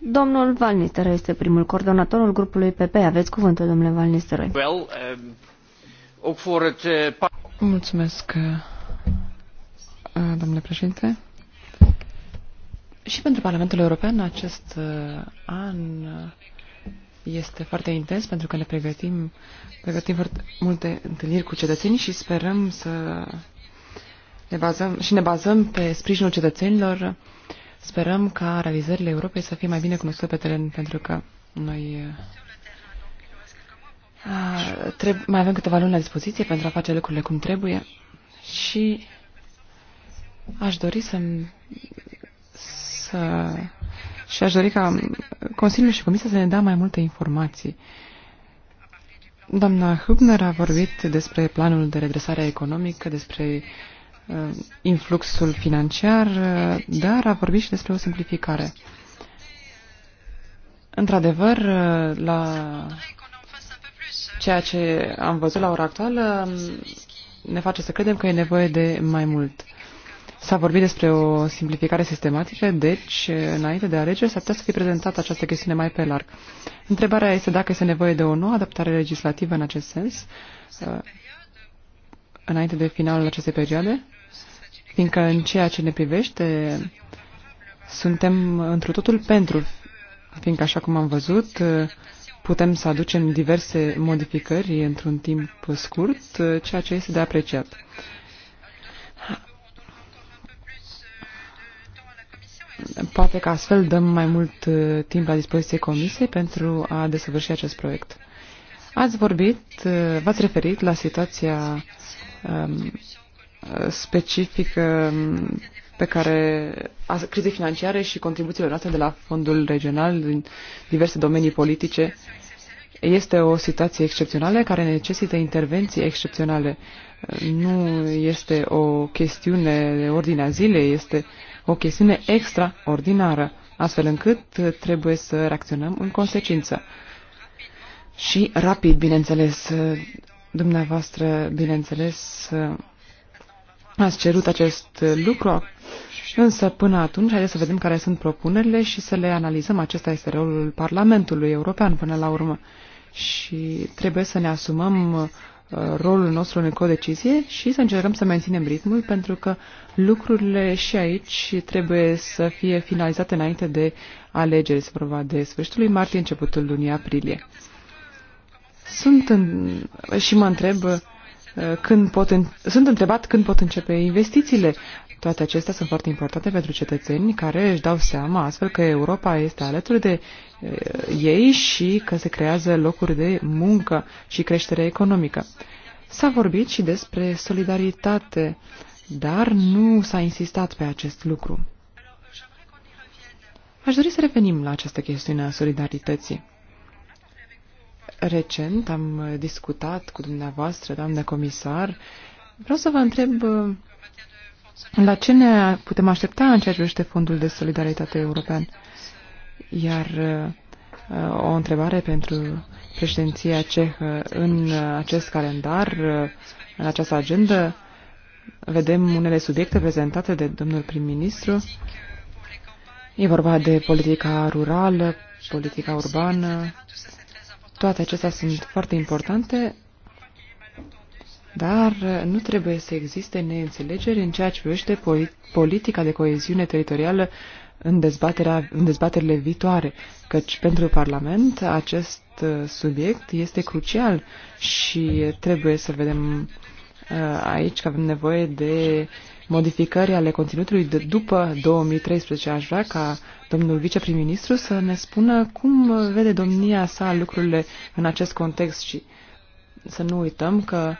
Domnul Valnistero este primul coordonatorul grupului PP. Aveți cuvântul, domnule Van uh, Well, um, eh, Mulțumesc, eh, domnule președinte. Și pentru Parlamentul European acest eh, an este foarte intens pentru că ne pregătim, pregătim foarte multe întâlniri cu cetățenii și sperăm să ne bazăm și ne bazăm pe sprijinul cetățenilor Sperăm ca realizările Europei să fie mai bine cunoscute pe teren, pentru că noi trebuie, mai avem câteva luni la dispoziție pentru a face lucrurile cum trebuie și aș dori să, să și aș dori ca Consiliul și Comisia să ne dea mai multe informații. Doamna Hübner a vorbit despre planul de redresare economică, despre uh, Uh, influxul financiar, uh, dar a vorbit și despre o simplificare. Într-adevăr, uh, la ceea ce am văzut la ora actuală um, ne face să credem că e nevoie de mai mult. S-a vorbit despre o simplificare sistematică, deci, înainte de alegeri, s-ar putea să fie prezentată această chestiune mai pe larg. Întrebarea este dacă este nevoie de o nouă adaptare legislativă în acest sens, înainte de finalul acestei perioade fiindcă în ceea ce ne privește suntem într totul pentru, fiindcă așa cum am văzut, putem să aducem diverse modificări într-un timp scurt, ceea ce este de apreciat. Poate că astfel dăm mai mult uh, timp la dispoziție comisiei pentru a desăvârși acest proiect. Ați vorbit, uh, v-ați referit la situația um, specifică mm, pe care a crizei financiare și contribuțiile noastre de la fondul regional din diverse domenii politice este o situație excepțională care necesită intervenții excepționale. Nu este o chestiune de ordinea zilei, este o chestiune extraordinară, astfel încât trebuie să reacționăm în consecință. Și rapid, bineînțeles, dumneavoastră, bineînțeles, ați cerut acest lucru, însă până atunci haideți să vedem care sunt propunerile și să le analizăm. Acesta este rolul Parlamentului European până la urmă și trebuie să ne asumăm uh, rolul nostru în codecizie și să încercăm să menținem ritmul, pentru că lucrurile și aici trebuie să fie finalizate înainte de alegeri, se vorba de sfârșitul lui martie, începutul lunii aprilie. Sunt în... și mă întreb Uh, când pot în... sunt întrebat când pot începe investițiile. Toate acestea sunt foarte importante pentru cetățenii care își dau seama astfel că Europa este alături de uh, ei și că se creează locuri de muncă și creștere economică. S-a vorbit și despre solidaritate, dar nu s-a insistat pe acest lucru. Aș dori să revenim la această chestiune a solidarității. Recent am discutat cu dumneavoastră, doamnă comisar. Vreau să vă întreb uh, la ce ne putem aștepta în ceea ce privește Fondul de Solidaritate European. Iar uh, o întrebare pentru președinția cehă în acest calendar, uh, în această agendă, vedem unele subiecte prezentate de domnul prim-ministru. E vorba de politica rurală, politica urbană, toate acestea sunt foarte importante, dar nu trebuie să existe neînțelegeri în ceea ce privește politica de coeziune teritorială în, în dezbaterile viitoare, căci pentru Parlament acest uh, subiect este crucial și trebuie să vedem uh, aici că avem nevoie de modificări ale conținutului de după 2013. Aș vrea ca domnul viceprim-ministru să ne spună cum vede domnia sa lucrurile în acest context și să nu uităm că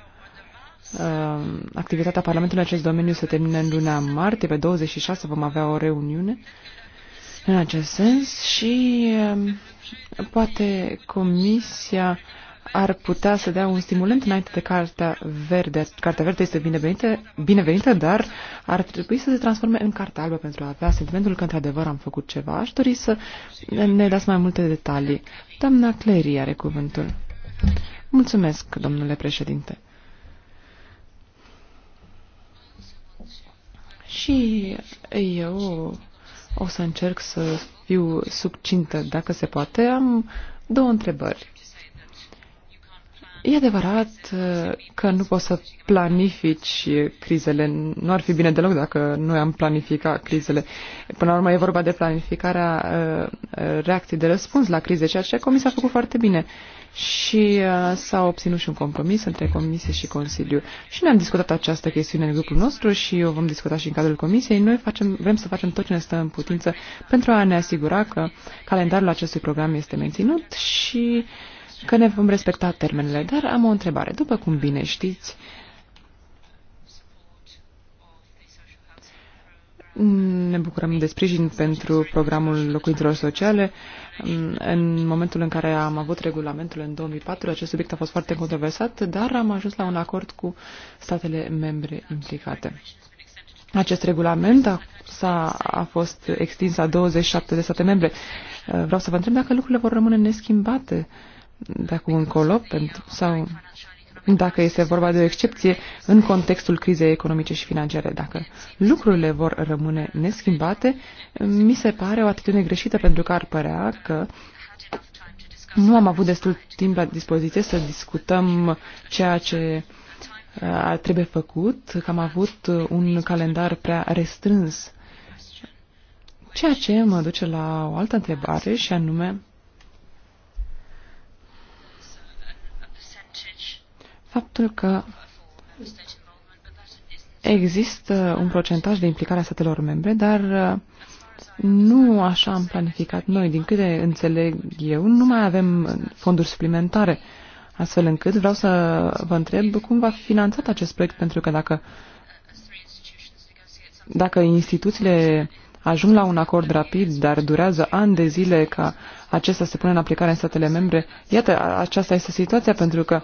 uh, activitatea Parlamentului în acest domeniu se termină în luna martie, pe 26 vom avea o reuniune în acest sens și uh, poate Comisia ar putea să dea un stimulant înainte de Cartea Verde. Cartea Verde este binevenită, binevenită, dar ar trebui să se transforme în Cartea Albă pentru a avea sentimentul că într-adevăr am făcut ceva. Aș dori să ne dați mai multe detalii. Doamna Clery are cuvântul. Mulțumesc, domnule președinte. Și eu o să încerc să fiu subcintă, dacă se poate. Am două întrebări. E adevărat uh, că nu poți să planifici crizele. Nu ar fi bine deloc dacă nu am planifica crizele. Până la urmă e vorba de planificarea uh, reacției de răspuns la crize, ceea ce Comisia a făcut foarte bine. Și uh, s-a obținut și un compromis între Comisie și Consiliu. Și ne-am discutat această chestiune în grupul nostru și o vom discuta și în cadrul Comisiei. Noi facem, vrem să facem tot ce ne stă în putință pentru a ne asigura că calendarul acestui program este menținut și uh, că ne vom respecta termenele, dar am o întrebare. După cum bine știți, ne bucurăm de sprijin pentru programul locuințelor sociale. În momentul în care am avut regulamentul în 2004, acest subiect a fost foarte controversat, dar am ajuns la un acord cu statele membre implicate. Acest regulament a, a a fost extins la 27 de state membre. Vreau să vă întreb dacă lucrurile vor rămâne neschimbate uh, de acum încolo pentru, sau dacă este vorba de o excepție în contextul crizei economice și financiare. Dacă lucrurile vor rămâne neschimbate, mi se pare o atitudine greșită pentru că ar părea că nu am avut destul timp la dispoziție să discutăm ceea ce uh, trebuie făcut, că am avut un calendar prea restrâns. Ceea ce mă duce la o altă întrebare și anume, faptul că există un procentaj de implicare a statelor membre, dar uh, nu așa am planificat noi. Din câte înțeleg eu, nu mai avem fonduri suplimentare, astfel încât vreau să vă întreb cum va fi finanțat acest proiect, pentru că dacă, dacă instituțiile ajung la un acord rapid, dar durează ani de zile ca acesta să se pune în aplicare în statele membre, iată, aceasta este situația, pentru că uh,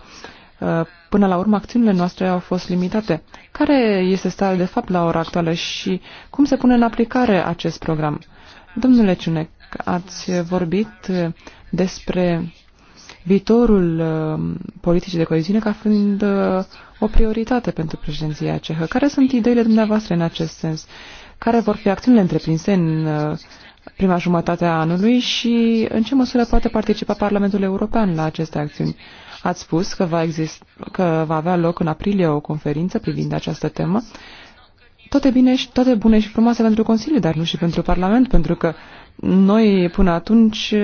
Uh, până la urmă, acțiunile noastre au fost limitate. Care este starea de fapt la ora actuală și cum se pune în aplicare acest program? Domnule Ciunec, ați vorbit despre viitorul uh, politicii de coeziune ca fiind uh, o prioritate pentru președinția cehă. Care sunt ideile dumneavoastră în acest sens? Care vor fi acțiunile întreprinse în prima jumătate a anului și în ce măsură poate participa Parlamentul European la aceste acțiuni? Ați spus că va, exist, că va avea loc în aprilie o conferință privind această temă. Toate, bine și, toate bune și frumoase pentru Consiliu, dar nu și pentru Parlament, pentru că noi până atunci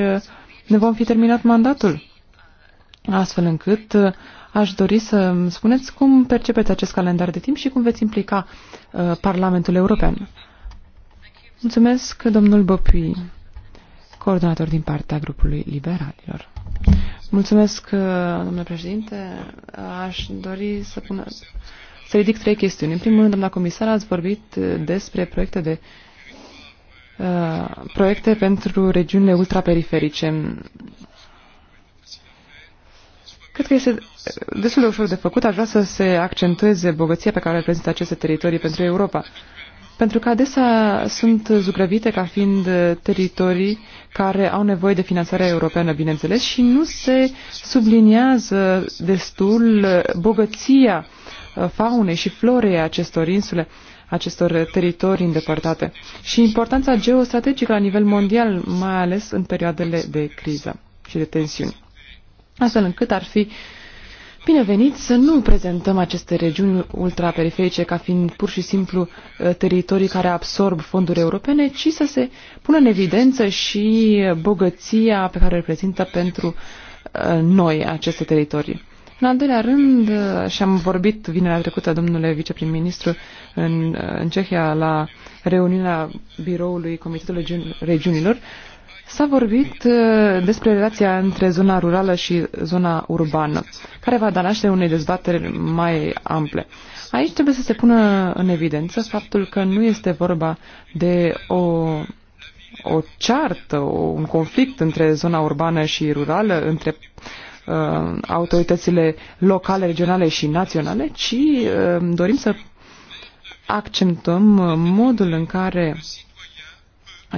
ne vom fi terminat mandatul. Astfel încât aș dori să spuneți cum percepeți acest calendar de timp și cum veți implica uh, Parlamentul European. Mulțumesc, domnul Băpui, coordonator din partea grupului liberalilor. Mulțumesc, uh, domnule președinte. Aș dori să pun, să ridic trei chestiuni. În primul rând, doamna comisar, ați vorbit uh, despre proiecte de uh, proiecte pentru regiunile ultraperiferice. Cred că este uh, destul de ușor de făcut. Aș vrea să se accentueze bogăția pe care o reprezintă aceste teritorii pentru Europa. Pentru că adesea sunt zugrăvite ca fiind teritorii care au nevoie de finanțarea europeană, bineînțeles, și nu se subliniază destul bogăția uh, faunei și florei acestor insule acestor teritorii îndepărtate și importanța geostrategică la nivel mondial, mai ales în perioadele de criză și de tensiuni. Astfel încât ar fi uh, venit să nu prezentăm aceste regiuni ultraperiferice ca fiind pur și simplu ă, teritorii care absorb fonduri europene, ci să se pună în evidență și bogăția pe care o reprezintă pentru ă, noi aceste teritorii. În al doilea rând, ă, și am vorbit vinerea trecută, domnule viceprim-ministru, în, în Cehia, la reuniunea biroului Comitetului Regiunilor, S-a vorbit uh, despre relația între zona rurală și zona urbană, care va da naștere unei dezbateri mai ample. Aici trebuie să se pună în evidență faptul că nu este vorba de o o ceartă, un conflict între zona urbană și rurală, între uh, autoritățile locale, regionale și naționale, ci uh, dorim să accentuăm modul în care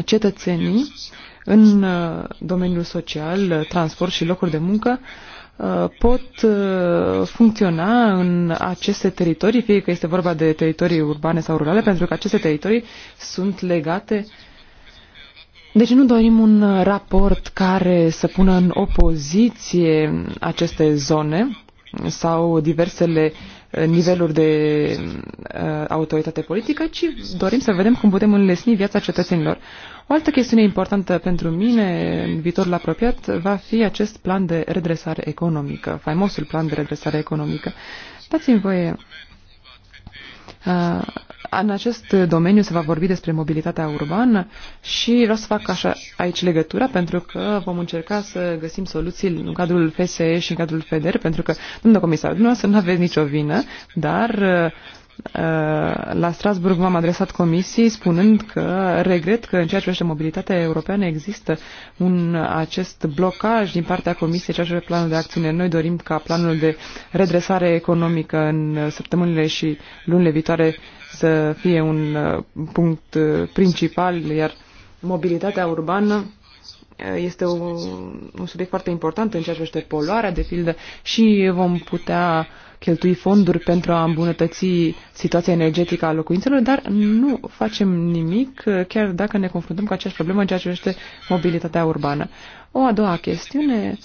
cetățenii în uh, domeniul social, uh, transport și locuri de muncă uh, pot funcționa în aceste teritorii, fie că este vorba de teritorii urbane sau rurale, pentru că aceste teritorii sunt legate deci nu dorim un raport care să pună în opoziție aceste zone sau diversele niveluri de uh, autoritate politică, ci dorim să vedem cum putem înlesni viața cetățenilor. O altă chestiune importantă pentru mine în viitorul apropiat va fi acest plan de redresare economică, faimosul plan de redresare economică. Dați-mi voie. Uh, în acest domeniu se va vorbi despre mobilitatea urbană și vreau să fac așa aici legătura pentru că vom încerca să găsim soluții în cadrul FSE și în cadrul FEDER pentru că, domnule comisar, dumneavoastră nu aveți nicio vină, dar uh, Eh, la Strasburg m-am adresat comisiei spunând că regret că în ceea ce privește mobilitatea europeană există un, acest blocaj din partea comisiei ceea ce privește planul de acțiune. Noi dorim ca planul de redresare economică în săptămânile și lunile viitoare să fie un eh, punct eh, principal, iar mobilitatea urbană este un subiect foarte important în ceea ce privește poluarea, de pildă, și vom putea uh, cheltui fonduri pentru a îmbunătăți situația energetică a locuințelor, dar nu facem nimic uh, chiar dacă ne confruntăm cu aceeași problemă în ceea ce privește mobilitatea urbană. O a doua chestiune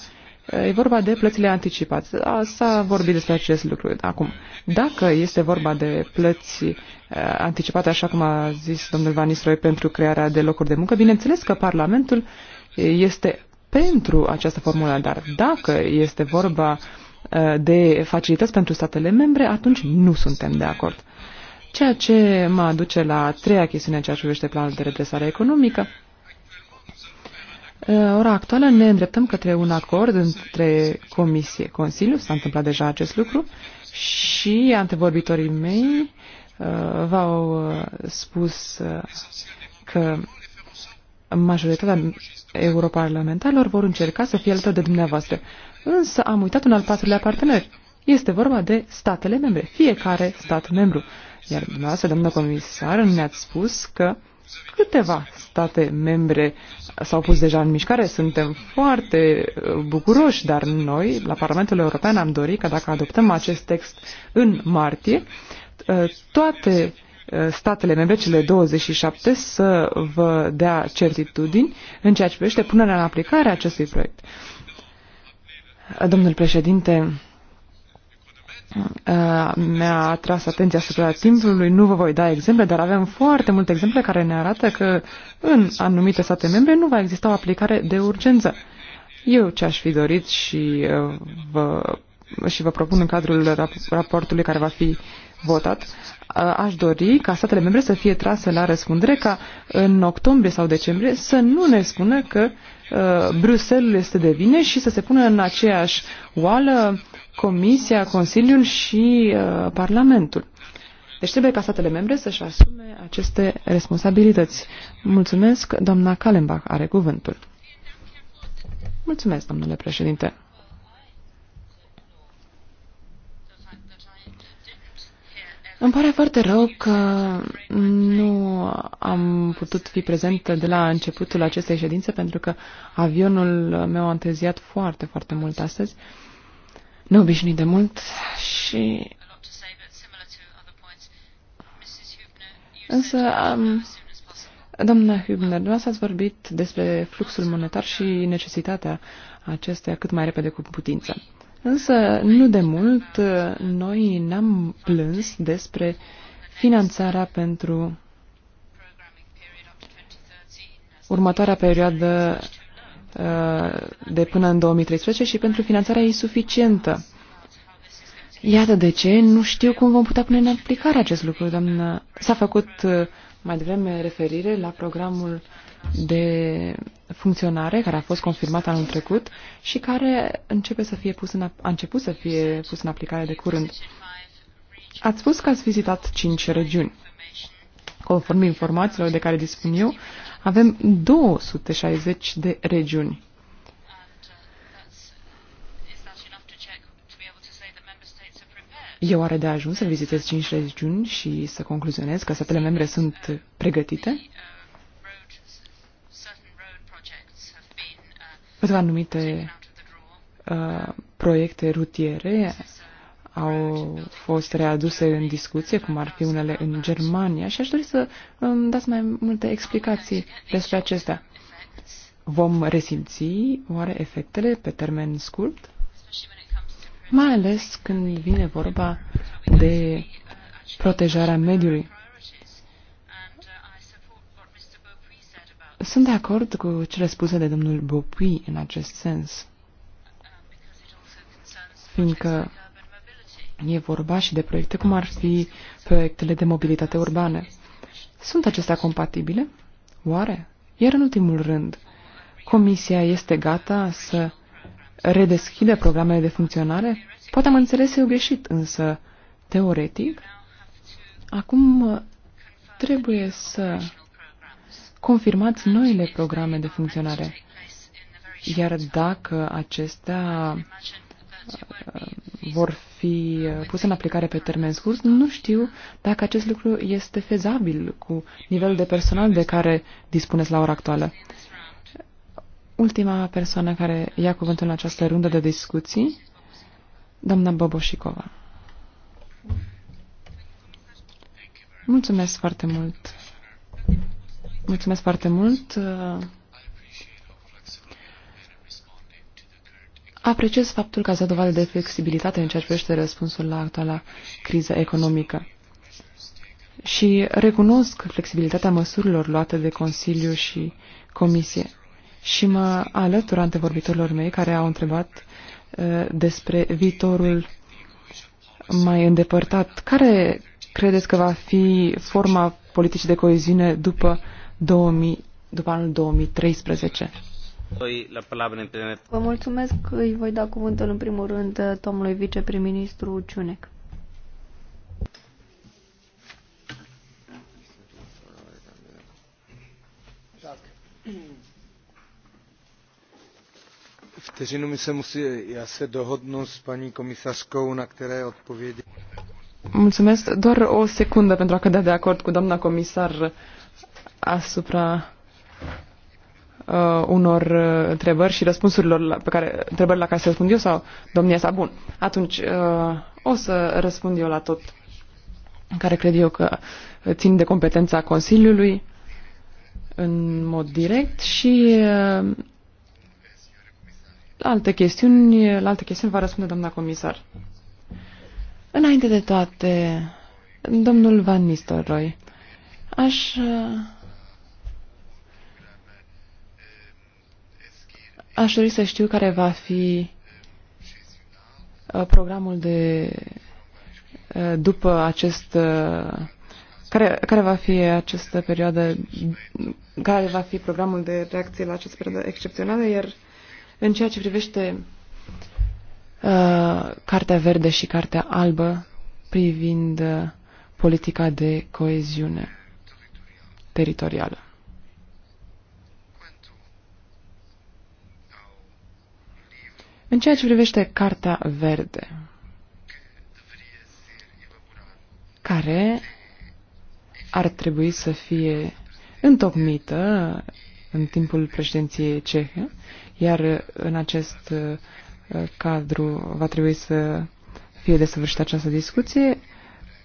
uh, e vorba de plățile anticipate. S-a vorbit despre acest lucru acum. Dacă este vorba de plăți uh, anticipate, așa cum a zis domnul Van pentru crearea de locuri de muncă, bineînțeles că Parlamentul este pentru această formulă, dar dacă este vorba Uh, de facilități pentru statele membre, atunci nu suntem de acord. Ceea ce mă aduce la a treia chestiune ceea ce privește planul de redresare economică. Uh, ora actuală ne îndreptăm către un acord între Comisie, Consiliu, s-a întâmplat deja acest lucru și antevorbitorii mei uh, v-au spus că majoritatea europarlamentarilor vor încerca să fie alături de dumneavoastră. Însă am uitat un al patrulea partener. Este vorba de statele membre, fiecare stat membru. Iar dumneavoastră, domnul comisar, ne-ați spus că câteva state membre s-au pus deja în mișcare. Suntem foarte uh, bucuroși, dar noi, la Parlamentul European, am dorit că dacă adoptăm acest text în martie, uh, toate Uh, statele membre, cele 27, să vă dea certitudini în ceea ce privește punerea în aplicare a acestui proiect. Uh, domnul președinte, uh, mi-a atras atenția asupra timpului, nu vă voi da exemple, dar avem foarte multe exemple care ne arată că în anumite state membre nu va exista o aplicare de urgență. Eu ce aș fi dorit și vă, și vă propun în cadrul raportului care va fi votat, uh, aș dori ca statele membre să fie trase la răspundere ca în octombrie sau decembrie să nu ne spună că uh, Bruxelles este de vine și să se pună în aceeași oală Comisia, Consiliul și uh, Parlamentul. Deci trebuie ca statele membre să-și asume aceste responsabilități. Mulțumesc, doamna Kallenbach are cuvântul. Mulțumesc, domnule președinte. Îmi pare foarte rău că nu am putut fi prezentă de la începutul acestei ședințe pentru că avionul meu a întârziat foarte, foarte mult astăzi, neobișnuit de mult și... Însă, um, doamna Hübner, dumneavoastră ați vorbit despre fluxul monetar și necesitatea acesteia cât mai repede cu putință. Însă, nu de mult, noi n am plâns despre finanțarea pentru următoarea perioadă uh, de până în 2013 și pentru finanțarea insuficientă. Iată de ce nu știu cum vom putea pune în aplicare acest lucru, doamnă. S-a făcut uh, mai devreme referire la programul de funcționare care a fost confirmat anul trecut și care începe să fie pus în, a început să fie pus în aplicare de curând. Ați spus că ați vizitat cinci regiuni. Conform informațiilor de care dispun eu, avem 260 de regiuni. E oare de ajuns să vizitez cinci regiuni și să concluzionez că statele membre sunt pregătite? pentru anumite uh, proiecte rutiere au fost readuse în discuție, cum ar fi unele în Germania, și aș dori să îmi um, dați mai multe explicații despre acestea. Vom resimți oare efectele pe termen scurt? Mai ales când vine vorba de protejarea mediului. Sunt de acord cu cele spuse de domnul Bopui în acest sens, fiindcă e vorba și de proiecte cum ar fi proiectele de mobilitate urbană. Sunt acestea compatibile? Oare? Iar în ultimul rând, Comisia este gata să redeschidă programele de funcționare? Poate am înțeles eu greșit, însă, teoretic, acum trebuie să confirmați noile programe de funcționare. Iar dacă acestea uh, vor fi puse în aplicare pe termen scurt, nu știu dacă acest lucru este fezabil cu nivelul de personal de care dispuneți la ora actuală. Ultima persoană care ia cuvântul în această rundă de discuții, doamna Boboșicova. Mulțumesc foarte mult. Mulțumesc foarte mult. Apreciez faptul că ați dat dovadă de flexibilitate în ceea ce privește răspunsul la actuala criză economică. Și recunosc flexibilitatea măsurilor luate de Consiliu și Comisie. Și mă alătur antevorbitorilor mei care au întrebat uh, despre viitorul mai îndepărtat. Care credeți că va fi forma politicii de coeziune după 2000, după anul 2013. Vă mulțumesc că îi voi da cuvântul în primul rând uh, domnului viceprim-ministru Ciunec. vteřinu mi se musí, já se dohodnu s paní komisařkou, na které odpovědi. Mulțumesc. Doar o secundă pentru a cădea de acord cu doamna comisar asupra uh, unor uh, întrebări și răspunsurilor la, pe care, întrebări la care să răspund eu sau domnia sa. Bun, atunci uh, o să răspund eu la tot care cred eu că țin de competența Consiliului în mod direct și uh, la alte chestiuni, la alte chestiuni va răspunde doamna comisar. Înainte de toate, domnul Van Nistelrooy, aș uh, Aș dori să știu care va fi uh, programul de uh, după acest uh, care, care va fi această perioadă care va fi programul de reacție la această perioadă excepțională iar în ceea ce privește uh, Cartea Verde și Cartea Albă privind uh, politica de coeziune teritorială. În ceea ce privește cartea Verde, care ar trebui să fie întocmită în timpul președinției cehe, iar în acest uh, cadru va trebui să fie desăvârșită această discuție,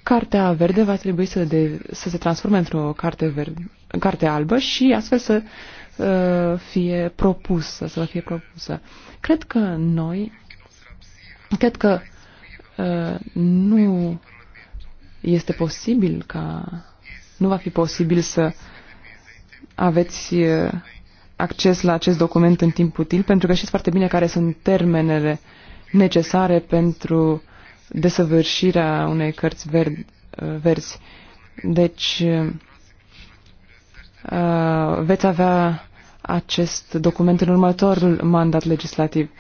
Cartea verde va trebui să, de, să se transforme într-o carte, verde, carte albă și astfel să Uh, fie propusă, să fie propusă. Cred că noi, cred că uh, nu este posibil ca, nu va fi posibil să aveți uh, acces la acest document în timp util, pentru că știți foarte bine care sunt termenele necesare pentru desăvârșirea unei cărți verzi. Deci, Uh, veți avea acest document în următorul mandat legislativ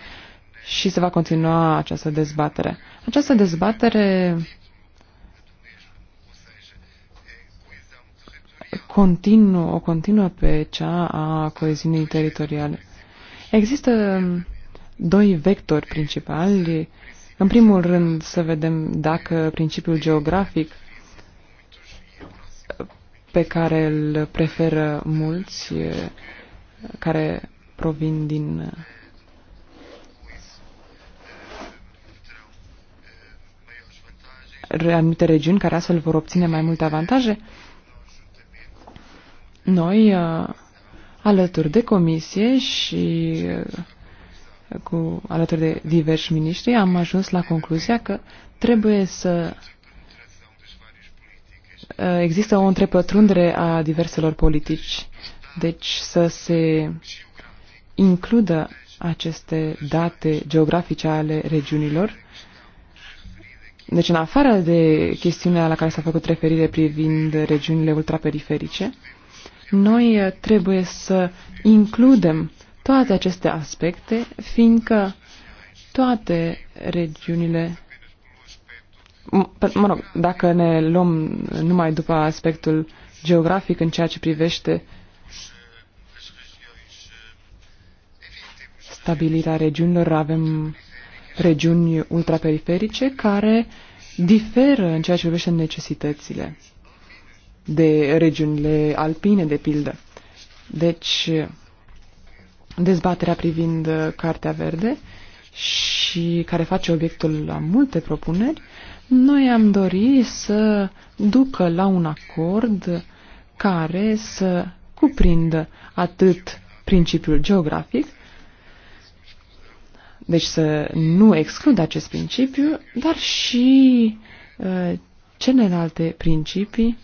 și se va continua această dezbatere. Această dezbatere continuă, o continuă pe cea a coeziunii teritoriale. Există doi vectori principali. În primul rând să vedem dacă principiul geografic pe care îl preferă mulți care provin din uh, anumite regiuni care astfel vor obține mai multe avantaje, noi, uh, alături de comisie și uh, cu, alături de diversi miniștri, am ajuns la concluzia că trebuie să Uh, există o întrepătrundere a diverselor politici, deci să se includă aceste date geografice ale regiunilor. Deci, în afară de chestiunea la care s-a făcut referire privind regiunile ultraperiferice, noi uh, trebuie să includem toate aceste aspecte, fiindcă toate regiunile mă rog, dacă ne luăm numai după aspectul geografic în ceea ce privește stabilirea regiunilor, avem regiuni ultraperiferice care diferă în ceea ce privește necesitățile de regiunile alpine, de pildă. Deci, dezbaterea privind Cartea Verde și care face obiectul la multe propuneri, noi am dorit să ducă la un acord care să cuprindă atât principiul geografic, deci să nu exclud acest principiu, dar și uh, celelalte principii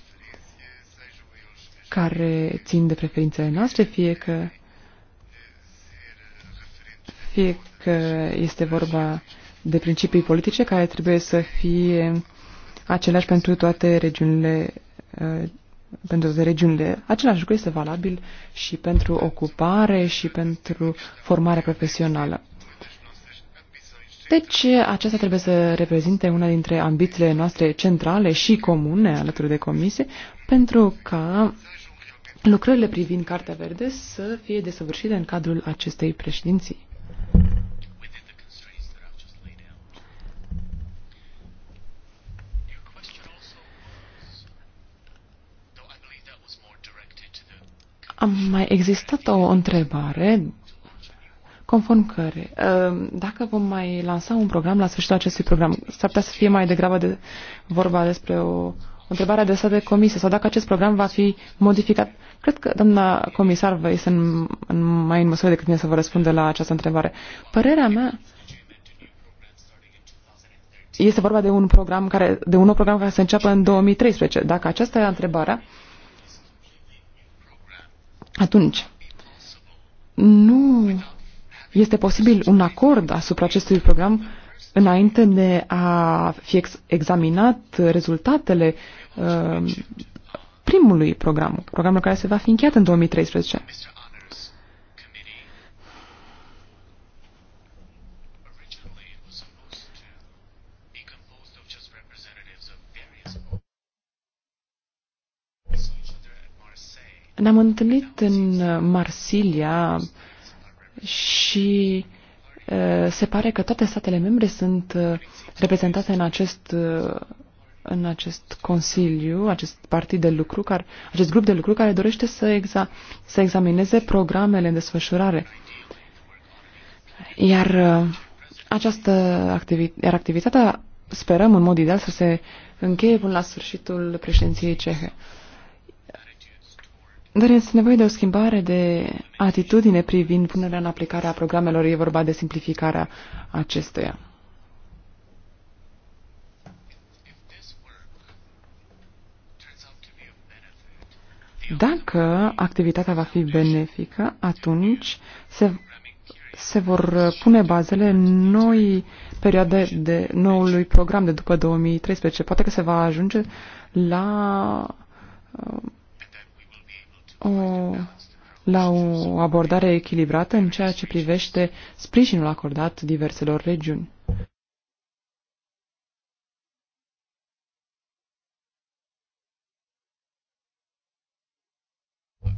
care țin de preferințele noastre, fie că, fie că este vorba de principii politice care trebuie să fie aceleași pentru toate regiunile uh, pentru toate regiunile. Același lucru este valabil și pentru ocupare și pentru formarea profesională. Deci, aceasta trebuie să reprezinte una dintre ambițiile noastre centrale și comune alături de comisie, pentru ca lucrările privind Cartea Verde să fie desăvârșite în cadrul acestei președinții. Am mai existat o întrebare conform care, uh, dacă vom mai lansa un program la sfârșitul acestui program, s-ar putea să fie mai degrabă de vorba despre o întrebare adresată de comisie sau dacă acest program va fi modificat. Cred că doamna comisar vă este în, în, mai în măsură decât mine să vă răspundă la această întrebare. Părerea mea este vorba de un program care, de un nou program care se înceapă în 2013. Dacă aceasta e întrebarea, atunci, nu este posibil un acord asupra acestui program înainte de a fi examinat rezultatele uh, primului program, programul care se va fi încheiat în 2013. Ne-am întâlnit în uh, Marsilia și uh, se pare că toate statele membre sunt uh, reprezentate în acest, în acest consiliu, acest partid de lucru, care, acest grup de lucru care dorește să, exa, să examineze programele în desfășurare. Iar această activitate, iar activitatea sperăm în mod ideal să se încheie până la sfârșitul președinției cehe. Dar este nevoie de o schimbare de atitudine privind punerea în aplicare a programelor. E vorba de simplificarea acesteia. Dacă activitatea va fi benefică, atunci se, se vor pune bazele noi perioade de noului program de după 2013. Poate că se va ajunge la um, o, la o abordare echilibrată în ceea ce privește sprijinul acordat diverselor regiuni.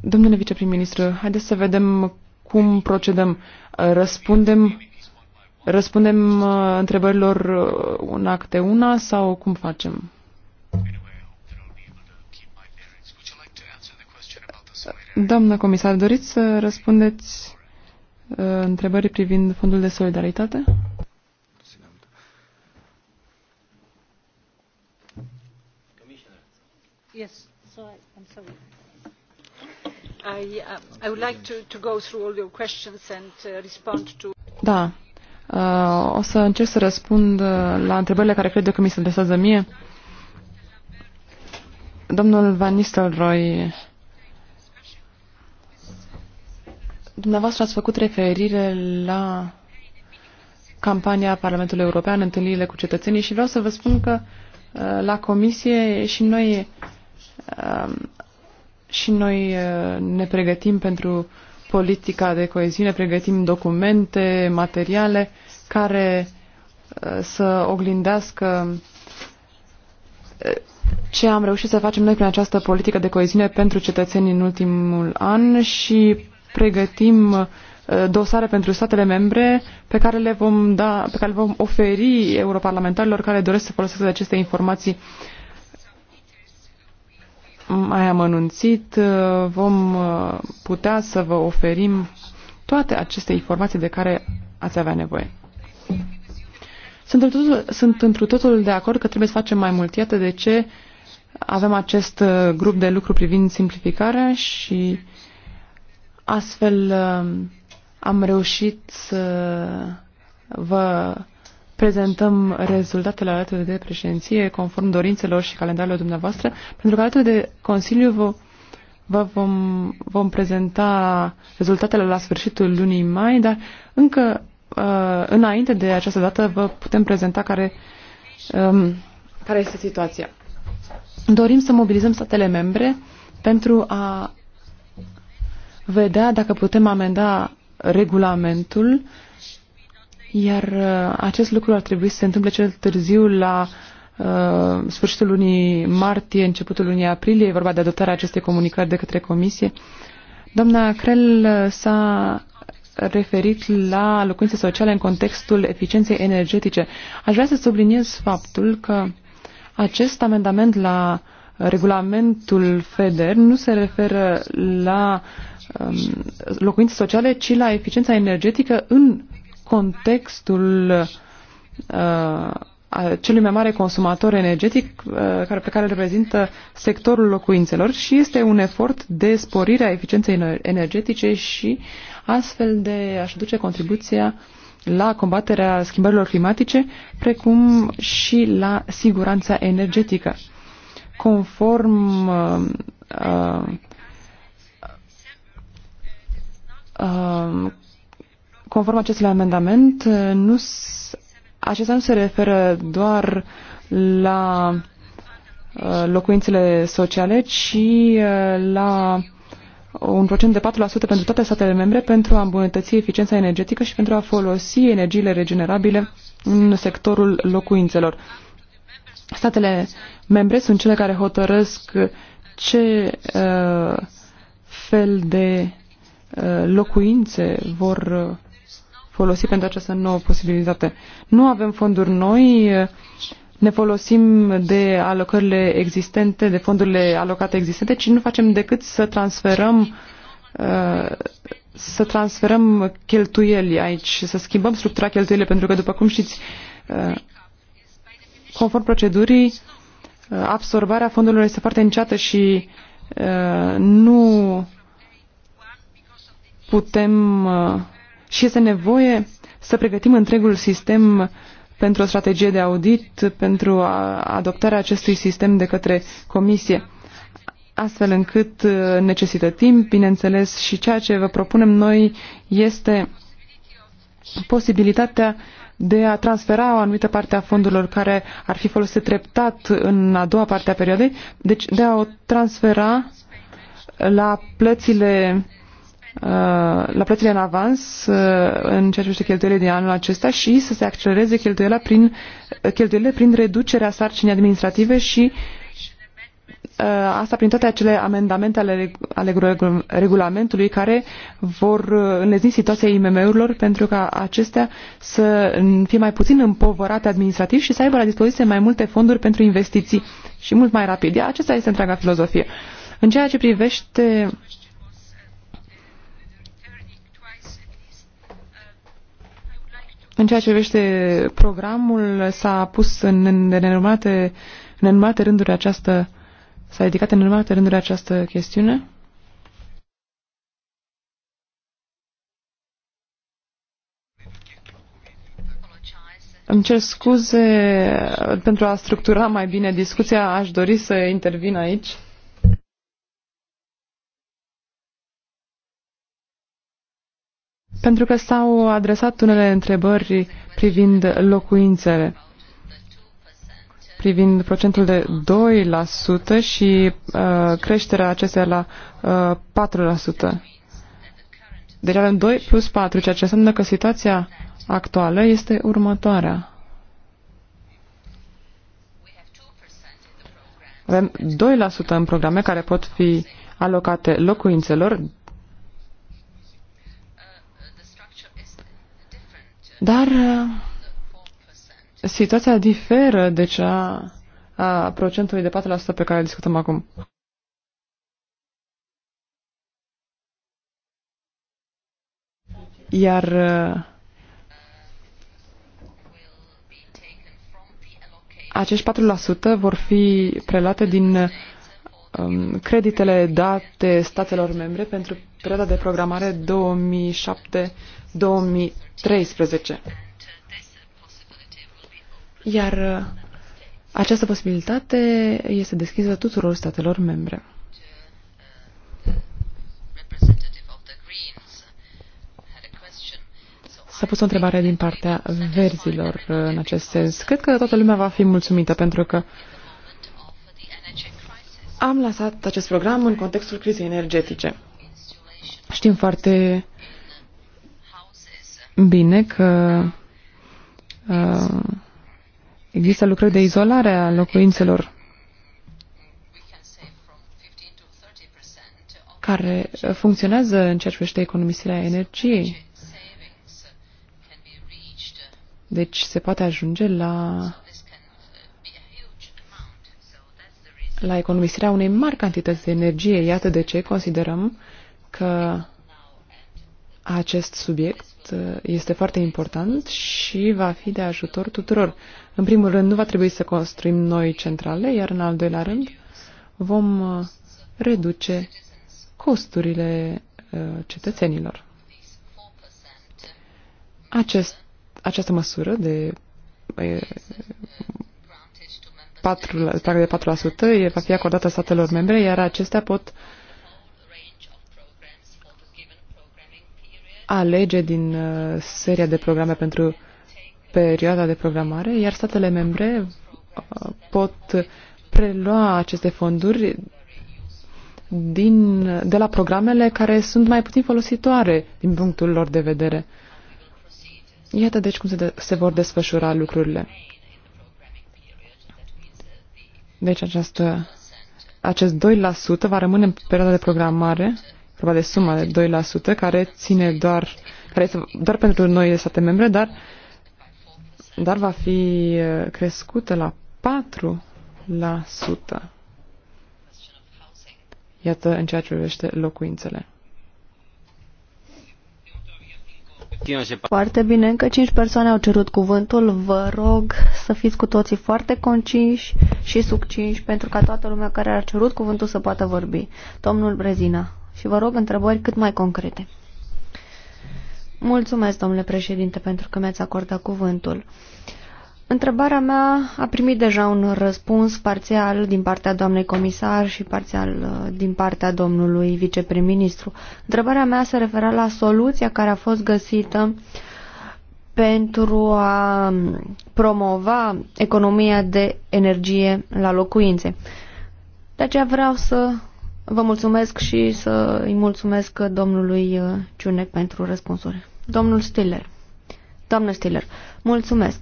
Domnule viceprim-ministru, haideți să vedem cum procedăm. Răspundem, răspundem uh, întrebărilor uh, una câte una sau cum facem? Doamna comisar, doriți să răspundeți uh, întrebării privind fondul de solidaritate? Yes, so I, I'm sorry. I, uh, I would like to, to go through all your questions and uh, respond to... Da, uh, o să încerc să răspund uh, la întrebările care cred eu că mi se adresează mie. Domnul Van Nistelrooy Dumneavoastră ați făcut referire la campania Parlamentului European, întâlnirile cu cetățenii și vreau să vă spun că uh, la comisie și noi uh, și noi uh, ne pregătim pentru politica de coeziune, pregătim documente, materiale care să oglindească ce am reușit să facem noi prin această politică de coeziune pentru cetățenii în ultimul an și pregătim uh, dosare pentru statele membre pe care le vom, da, pe care le vom oferi europarlamentarilor care doresc să folosească aceste informații mai anunțit, uh, Vom uh, putea să vă oferim toate aceste informații de care ați avea nevoie. Sunt întru totul, sunt întru totul de acord că trebuie să facem mai mult. Iată de ce avem acest grup de lucru privind simplificarea și uh, Astfel um, am reușit să vă prezentăm rezultatele alături de președinție conform dorințelor și calendarilor dumneavoastră, pentru că alături de Consiliu vă, vă vom, vom prezenta rezultatele la sfârșitul lunii mai, dar încă uh, înainte de această dată vă putem prezenta care, um, care este situația. Dorim să mobilizăm statele membre pentru a vedea dacă putem amenda regulamentul, iar uh, acest lucru ar trebui să se întâmple cel târziu la uh, sfârșitul lunii martie, începutul lunii aprilie, e vorba de adoptarea acestei comunicări de către Comisie. Doamna Crel uh, s-a referit la locuințe sociale în contextul eficienței energetice. Aș vrea să subliniez faptul că acest amendament la uh, regulamentul FEDER nu se referă la um, locuințe sociale, ci la eficiența energetică în contextul uh, celui mai mare consumator energetic uh, care, pe care îl reprezintă sectorul locuințelor și este un efort de sporire a eficienței energetice și astfel de a-și duce contribuția la combaterea schimbărilor climatice, precum și la siguranța energetică conform uh, uh, conform acestui amendament, nu, acesta nu se referă doar la uh, locuințele sociale, ci la un procent de 4% pentru toate statele membre pentru a îmbunătăți eficiența energetică și pentru a folosi energiile regenerabile în sectorul locuințelor statele membre sunt cele care hotărăsc ce uh, fel de uh, locuințe vor uh, folosi pentru această nouă posibilitate. Nu avem fonduri noi, uh, ne folosim de alocările existente, de fondurile alocate existente, ci nu facem decât să transferăm uh, să transferăm cheltuieli aici, să schimbăm structura cheltuielii, pentru că, după cum știți, conform procedurii, uh, absorbarea fondurilor este foarte înceată și uh, nu putem uh, și este nevoie să pregătim întregul sistem pentru o strategie de audit, pentru adoptarea acestui sistem de către Comisie, astfel încât necesită timp, bineînțeles, și ceea ce vă propunem noi este posibilitatea uh, de a transfera o anumită parte a fondurilor care ar fi folosite treptat în a doua parte a perioadei, deci de a o transfera la plățile uh, la plățile în avans uh, în ceea ce privește cheltuielile din anul acesta și să se accelereze cheltuielile prin, cheltuielile prin reducerea sarcinii administrative și uh, Uh, asta prin toate acele amendamente ale, ale regulamentului care vor uh, înlezni situația IMM-urilor pentru ca acestea să fie mai puțin împovărate administrativ și să aibă la dispoziție mai multe fonduri pentru investiții și mult mai rapid. Ia, acesta este întreaga filozofie. În ceea ce privește În ceea ce vește programul, s-a pus în în, în în rânduri această uh, S-a ridicat în urmate rânduri această chestiune? Îmi cer scuze pentru a structura mai bine discuția. Aș dori să intervin aici. Pentru că s-au adresat unele întrebări privind locuințele privind procentul de 2% și uh, creșterea acesteia la uh, 4%. Deci avem 2 plus 4, ceea ce înseamnă că situația actuală este următoarea. Avem 2% în programe care pot fi alocate locuințelor, dar uh, situația diferă de cea a procentului de 4% pe care îl discutăm acum. Iar uh, acești 4% vor fi prelate din um, creditele date statelor membre pentru perioada de programare 2007-2013. Iar uh, această posibilitate este deschisă tuturor statelor membre. S-a pus o întrebare din partea verzilor uh, în acest sens. Cred că toată lumea va fi mulțumită pentru că am lansat acest program în contextul crizei energetice. Știm foarte bine că uh, Există lucrări de izolare a locuințelor care funcționează în ceea ce privește economisirea energiei. Deci se poate ajunge la la economisirea unei mari cantități de energie. Iată de ce considerăm că acest subiect este foarte important și va fi de ajutor tuturor. În primul rând, nu va trebui să construim noi centrale, iar în al doilea rând vom uh, reduce costurile uh, cetățenilor. Acest, această măsură de 4, uh, de 4% va fi acordată statelor membre, iar acestea pot uh, alege din uh, seria de programe pentru perioada de programare, iar statele membre uh, pot prelua aceste fonduri din, de la programele care sunt mai puțin folositoare din punctul lor de vedere. Iată deci cum se, de, se vor desfășura lucrurile. Deci această, acest 2% va rămâne în perioada de programare vorba de suma de 2%, care ține doar, care este doar pentru noi de state membre, dar, dar va fi uh, crescută la 4%. Iată în ceea ce privește locuințele. Foarte bine, încă 5 persoane au cerut cuvântul. Vă rog să fiți cu toții foarte conciși și succinși pentru ca toată lumea care a cerut cuvântul să poată vorbi. Domnul Brezina și vă rog întrebări cât mai concrete. Mulțumesc, domnule președinte, pentru că mi-ați acordat cuvântul. Întrebarea mea a primit deja un răspuns parțial din partea doamnei comisar și parțial uh, din partea domnului viceprim-ministru. Întrebarea mea se refera la soluția care a fost găsită pentru a promova economia de energie la locuințe. De aceea vreau să Vă mulțumesc și să îi mulțumesc domnului uh, Ciunec pentru răspunsuri. Domnul Stiller. Doamnă Stiller, mulțumesc.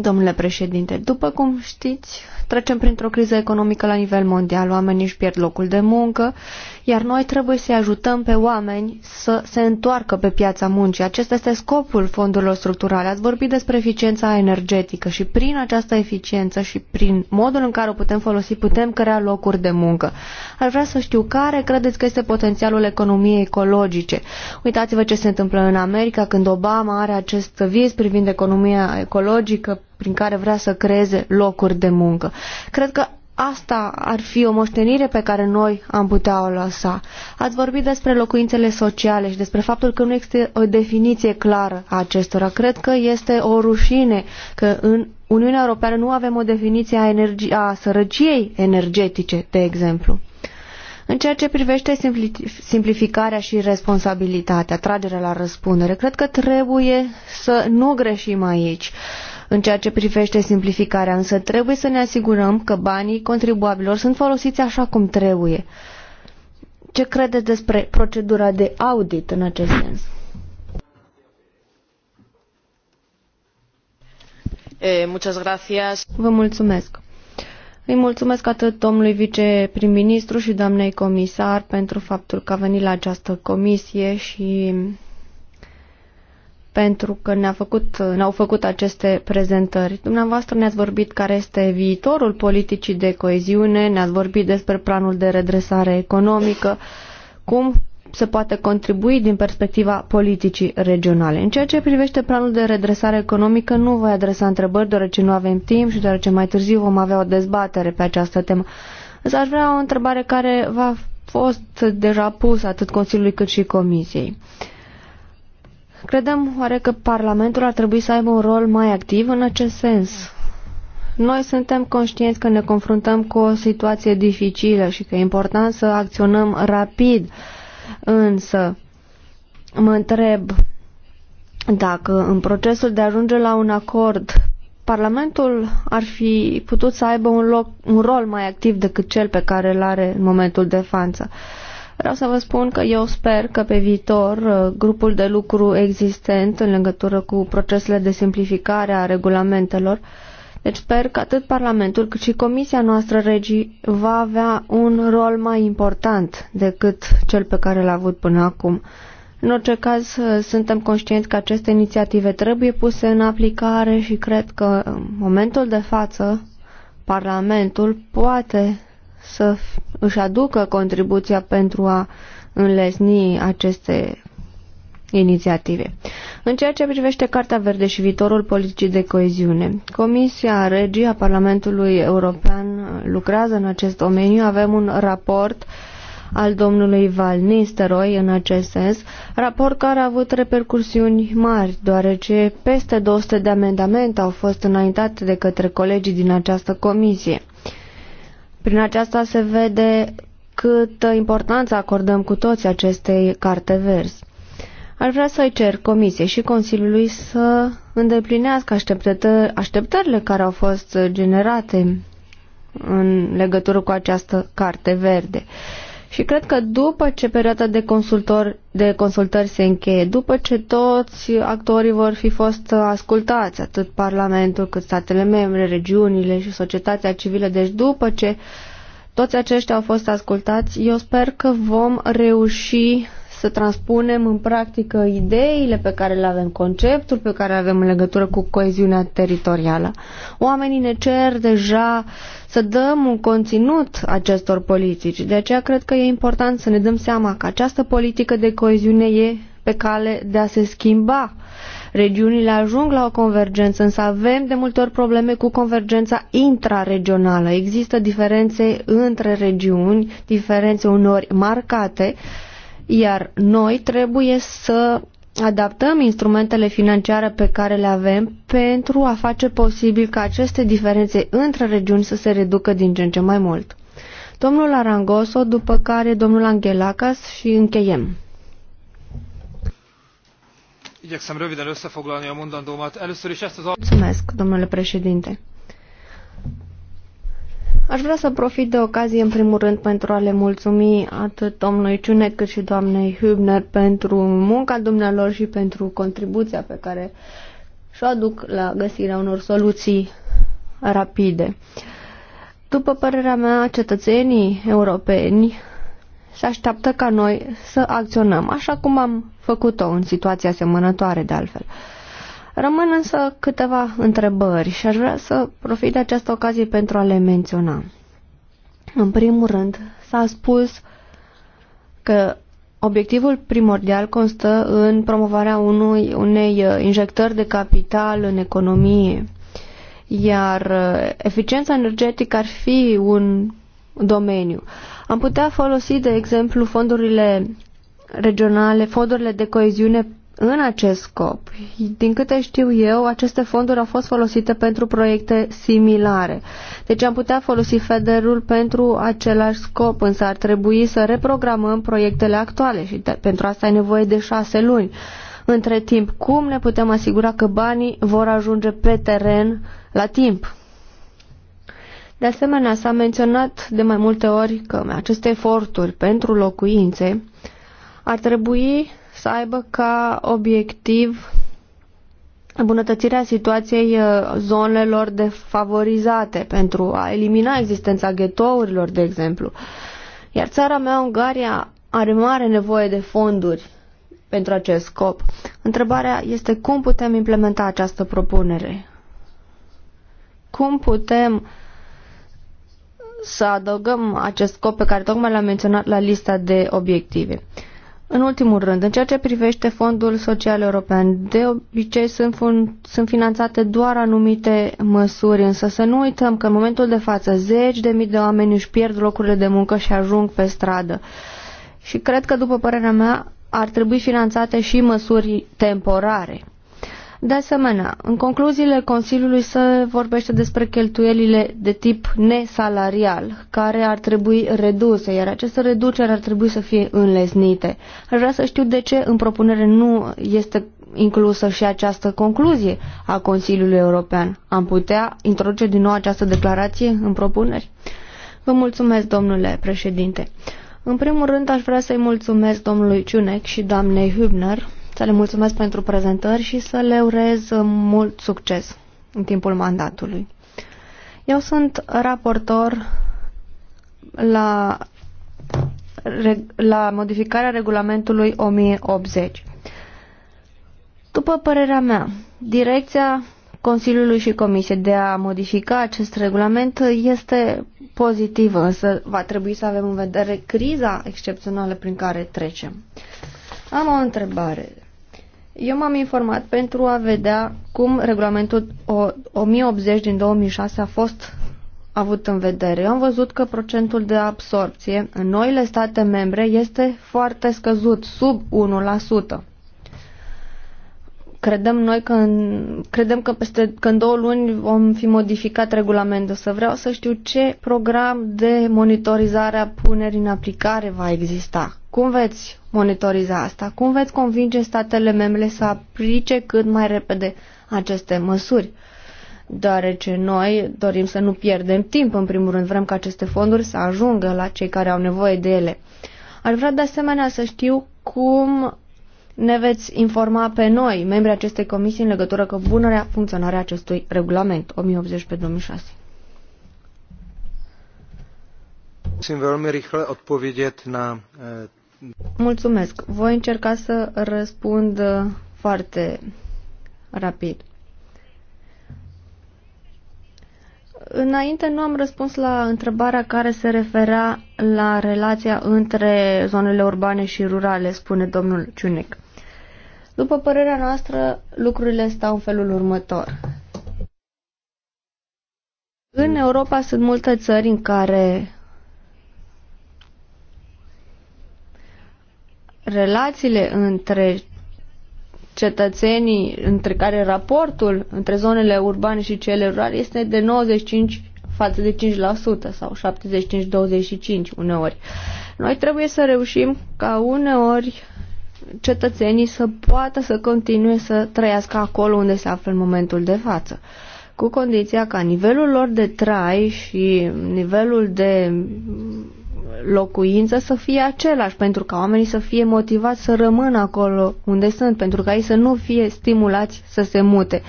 Domnule președinte, după cum știți, trecem printr-o criză economică la nivel mondial. Oamenii își pierd locul de muncă, iar noi trebuie să-i ajutăm pe oameni să se întoarcă pe piața muncii. Acesta este scopul fondurilor structurale. Ați vorbit despre eficiența energetică și prin această eficiență și prin modul în care o putem folosi putem crea locuri de muncă. Ar vrea să știu care credeți că este potențialul economiei ecologice. Uitați-vă ce se întâmplă în America când Obama are acest vis privind economia ecologică prin care vrea să creeze locuri de muncă. Cred că Asta ar fi o moștenire pe care noi am putea o lăsa. Ați vorbit despre locuințele sociale și despre faptul că nu există o definiție clară a acestora. Cred că este o rușine că în Uniunea Europeană nu avem o definiție a, energi- a sărăciei energetice, de exemplu. În ceea ce privește simplificarea și responsabilitatea, tragerea la răspundere, cred că trebuie să nu greșim aici. Uh, în ceea ce privește simplificarea, însă trebuie să ne asigurăm că banii contribuabilor sunt folosiți așa cum trebuie. Ce credeți despre procedura de audit în acest sens? Eh, Vă mulțumesc. Îi mulțumesc atât domnului viceprim-ministru și doamnei comisar pentru faptul că a venit la această comisie și pentru că ne-au făcut, ne făcut aceste prezentări. Dumneavoastră ne-ați vorbit care este viitorul politicii de coeziune, ne-ați vorbit despre planul de redresare economică, cum se poate contribui din perspectiva politicii regionale. În ceea ce privește planul de redresare economică, nu voi adresa întrebări, deoarece nu avem timp și deoarece mai târziu vom avea o dezbatere pe această temă. Însă aș vrea o întrebare care va fost deja pusă atât Consiliului cât și Comisiei. Uh, Credem oare că Parlamentul ar trebui să aibă un rol mai activ în acest sens? Noi suntem conștienți că ne confruntăm cu o situație dificilă și că e important să acționăm rapid, însă mă întreb dacă în procesul de a ajunge la un acord Parlamentul ar fi putut să aibă un, loc, un rol mai activ decât cel pe care îl are în momentul de față. Vreau să vă spun că eu sper că pe viitor uh, grupul de lucru existent în legătură cu procesele de simplificare a regulamentelor, deci sper că atât Parlamentul cât și Comisia noastră regii va avea un rol mai important decât cel pe care l-a avut până acum. În orice caz, uh, suntem conștienți că aceste inițiative trebuie puse în aplicare și cred că în momentul de față Parlamentul poate să își aducă contribuția pentru a înlesni aceste inițiative. În ceea ce privește Carta Verde și viitorul politicii de coeziune, Comisia Regii a Parlamentului European lucrează în acest domeniu. Avem un raport al domnului Val Nisteroi în acest sens, raport care a avut repercursiuni mari, deoarece peste 200 de amendamente au fost înaintate de către colegii din această comisie. Prin aceasta se vede câtă importanță acordăm cu toți acestei carte verzi. Ar vrea să-i cer Comisiei și Consiliului să îndeplinească așteptările care au fost generate în legătură cu această carte verde. Și cred că după ce perioada de, consultor de consultări se încheie, după ce toți actorii vor fi fost ascultați, atât Parlamentul cât statele membre, regiunile și societatea civilă, deci după ce toți aceștia au fost ascultați, eu sper că vom reuși să transpunem în practică ideile pe care le avem, conceptul pe care le avem în legătură cu coeziunea teritorială. Oamenii ne cer deja să dăm un conținut acestor politici, de aceea cred că e important să ne dăm seama că această politică de coeziune e pe cale de a se schimba. Regiunile ajung la o convergență, însă avem de multe ori probleme cu convergența intraregională. Există diferențe între regiuni, diferențe unor marcate, iar noi trebuie să adaptăm instrumentele financiare pe care le avem pentru a face posibil ca aceste diferențe între regiuni să se reducă din ce în ce mai mult. Domnul Arangoso, după care domnul Angelacas și încheiem. Mulțumesc, domnule președinte. Aș vrea să profit de ocazie, în primul rând, pentru a le mulțumi atât domnului Ciune cât și doamnei Hübner pentru munca dumnealor și pentru contribuția pe care și-o aduc la găsirea unor soluții rapide. După părerea mea, cetățenii europeni se așteaptă ca noi să acționăm, așa cum am făcut-o în situații asemănătoare de altfel. Rămân însă câteva întrebări și aș vrea să profit de această ocazie pentru a le menționa. În primul rând, s-a spus că obiectivul primordial constă în promovarea unui, unei uh, injectări de capital în economie, iar uh, eficiența energetică ar fi un domeniu. Am putea folosi, de exemplu, fondurile regionale, fondurile de coeziune în acest scop, din câte știu eu, aceste fonduri au fost folosite pentru proiecte similare. Deci am putea folosi federul pentru același scop, însă ar trebui să reprogramăm proiectele actuale și de, pentru asta ai nevoie de șase luni. Între timp, cum ne putem asigura că banii vor ajunge pe teren la timp? De asemenea, s-a menționat de mai multe ori că aceste eforturi pentru locuințe ar trebui să aibă ca obiectiv îmbunătățirea situației uh, zonelor defavorizate pentru a elimina existența ghetourilor, de exemplu. Iar țara mea, Ungaria, are mare nevoie de fonduri pentru acest scop. Întrebarea este cum putem implementa această propunere? Cum putem să adăugăm acest scop pe care tocmai l-am menționat la lista de obiective? În ultimul rând, în ceea ce privește Fondul Social European, de obicei sunt, fun- sunt finanțate doar anumite măsuri, însă să nu uităm că în momentul de față zeci de mii de oameni își pierd locurile de muncă și ajung pe stradă. Și cred că, după părerea mea, ar trebui finanțate și măsuri temporare. De asemenea, în concluziile Consiliului se vorbește despre cheltuielile de tip nesalarial, care ar trebui reduse, iar aceste reduceri ar trebui să fie înlesnite. Aș vrea să știu de ce în propunere nu este inclusă și această concluzie a Consiliului European. Am putea introduce din nou această declarație în propuneri? Vă mulțumesc, domnule președinte. În primul rând, aș vrea să-i mulțumesc domnului Ciunec și doamnei Hübner să le mulțumesc pentru prezentări și să le urez mult succes în timpul mandatului. Eu sunt raportor la, la modificarea regulamentului 1080. După părerea mea, direcția Consiliului și Comisiei de a modifica acest regulament este pozitivă, însă va trebui să avem în vedere criza excepțională prin care trecem. Am o întrebare. Eu m-am informat pentru a vedea cum regulamentul 1080 din 2006 a fost avut în vedere. Eu am văzut că procentul de absorpție în noile state membre este foarte scăzut, sub 1%. Credem noi că în, credem că peste că în două luni vom fi modificat regulamentul. Să vreau să știu ce program de monitorizare a punerii în aplicare va exista. Cum veți monitoriza asta? Cum veți convinge statele membre să aplice cât mai repede aceste măsuri? Deoarece noi dorim să nu pierdem timp, în primul rând vrem ca aceste fonduri să ajungă la cei care au nevoie de ele. Ar vrea de asemenea să știu cum ne veți informa pe noi, membrii acestei comisii, în legătură cu bunărea funcționarea acestui regulament 1080 pe 2006. Musím velmi rychle odpovědět na eh, Mulțumesc. Voi încerca să răspund uh, foarte rapid. Înainte nu am răspuns la întrebarea care se referea la relația între zonele urbane și rurale, spune domnul Ciunec. După părerea noastră, lucrurile stau în felul următor. În Europa sunt multe țări în care relațiile între cetățenii, între care raportul între zonele urbane și cele rurale este de 95 față de 5% sau 75-25 uneori. Noi trebuie să reușim ca uneori cetățenii să poată să continue să trăiască acolo unde se află în momentul de față, cu condiția ca nivelul lor de trai și nivelul de locuință să fie același, pentru ca oamenii să fie motivați să rămână acolo unde sunt, pentru ca ei să nu fie stimulați să se mute.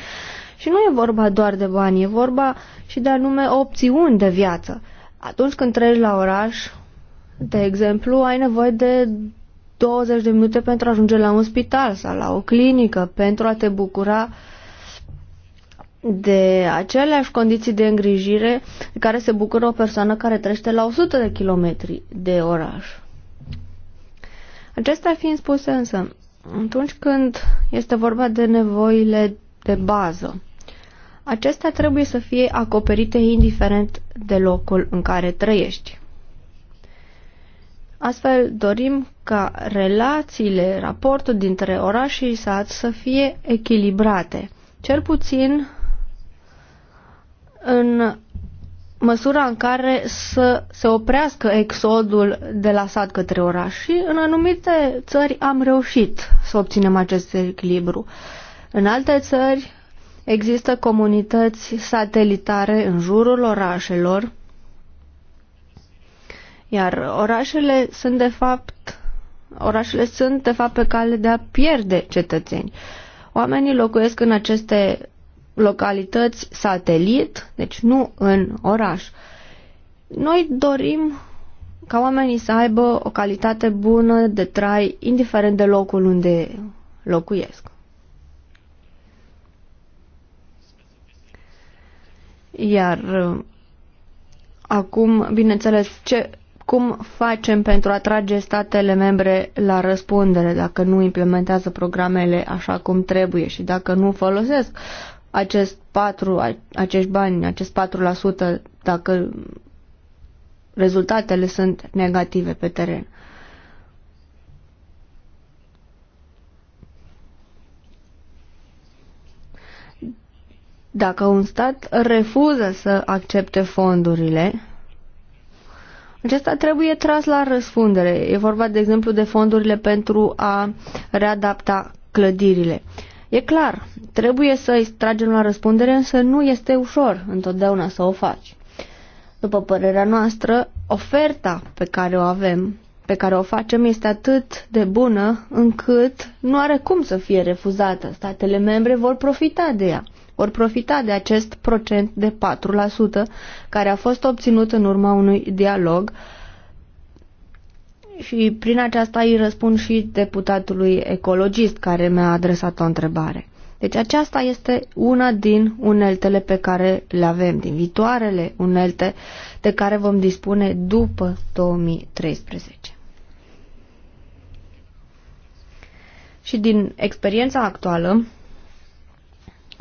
Și nu e vorba doar de bani, e vorba și de anume opțiuni de viață. Atunci când treci la oraș, de exemplu, ai nevoie de 20 de minute pentru a ajunge la un spital sau la o clinică, pentru a te bucura uh, de aceleași condiții de îngrijire de care se bucură o persoană care trăiește la 100 de kilometri de oraș. Acestea fiind spuse însă, atunci când este vorba de nevoile de bază, acestea trebuie să fie acoperite indiferent de locul în care trăiești. Astfel, dorim ca relațiile, raportul dintre oraș și sat să fie echilibrate, cel puțin în măsura în care să se oprească exodul de la sat către oraș. Și în anumite țări am reușit să obținem acest echilibru. În alte țări există comunități satelitare în jurul orașelor, iar orașele sunt de fapt orașele sunt de fapt pe cale de a pierde cetățeni. Oamenii locuiesc în aceste localități satelit, deci nu în oraș. Noi dorim ca oamenii să aibă o calitate bună de trai, indiferent de locul unde locuiesc. Iar uh, acum, bineînțeles, ce, cum facem pentru a atrage statele membre la răspundere dacă nu implementează programele așa cum trebuie și dacă nu folosesc acest 4, acești bani, acest 4% dacă rezultatele sunt negative pe teren. Dacă un stat refuză să accepte fondurile, acesta trebuie tras la răspundere. E vorba, de exemplu, de fondurile pentru a readapta clădirile. Uh, E clar, trebuie să îi tragem la răspundere, însă nu este ușor întotdeauna să o faci. După părerea noastră, oferta pe care o avem, pe care o facem, este atât de bună încât nu are cum să fie refuzată. Statele membre vor profita de ea, vor profita de acest procent de 4% care a fost obținut în urma unui dialog uh, și prin aceasta îi răspund și deputatului ecologist care mi-a adresat o întrebare. Deci aceasta este una din uneltele pe care le avem, din viitoarele unelte de care vom dispune după 2013. Și din experiența actuală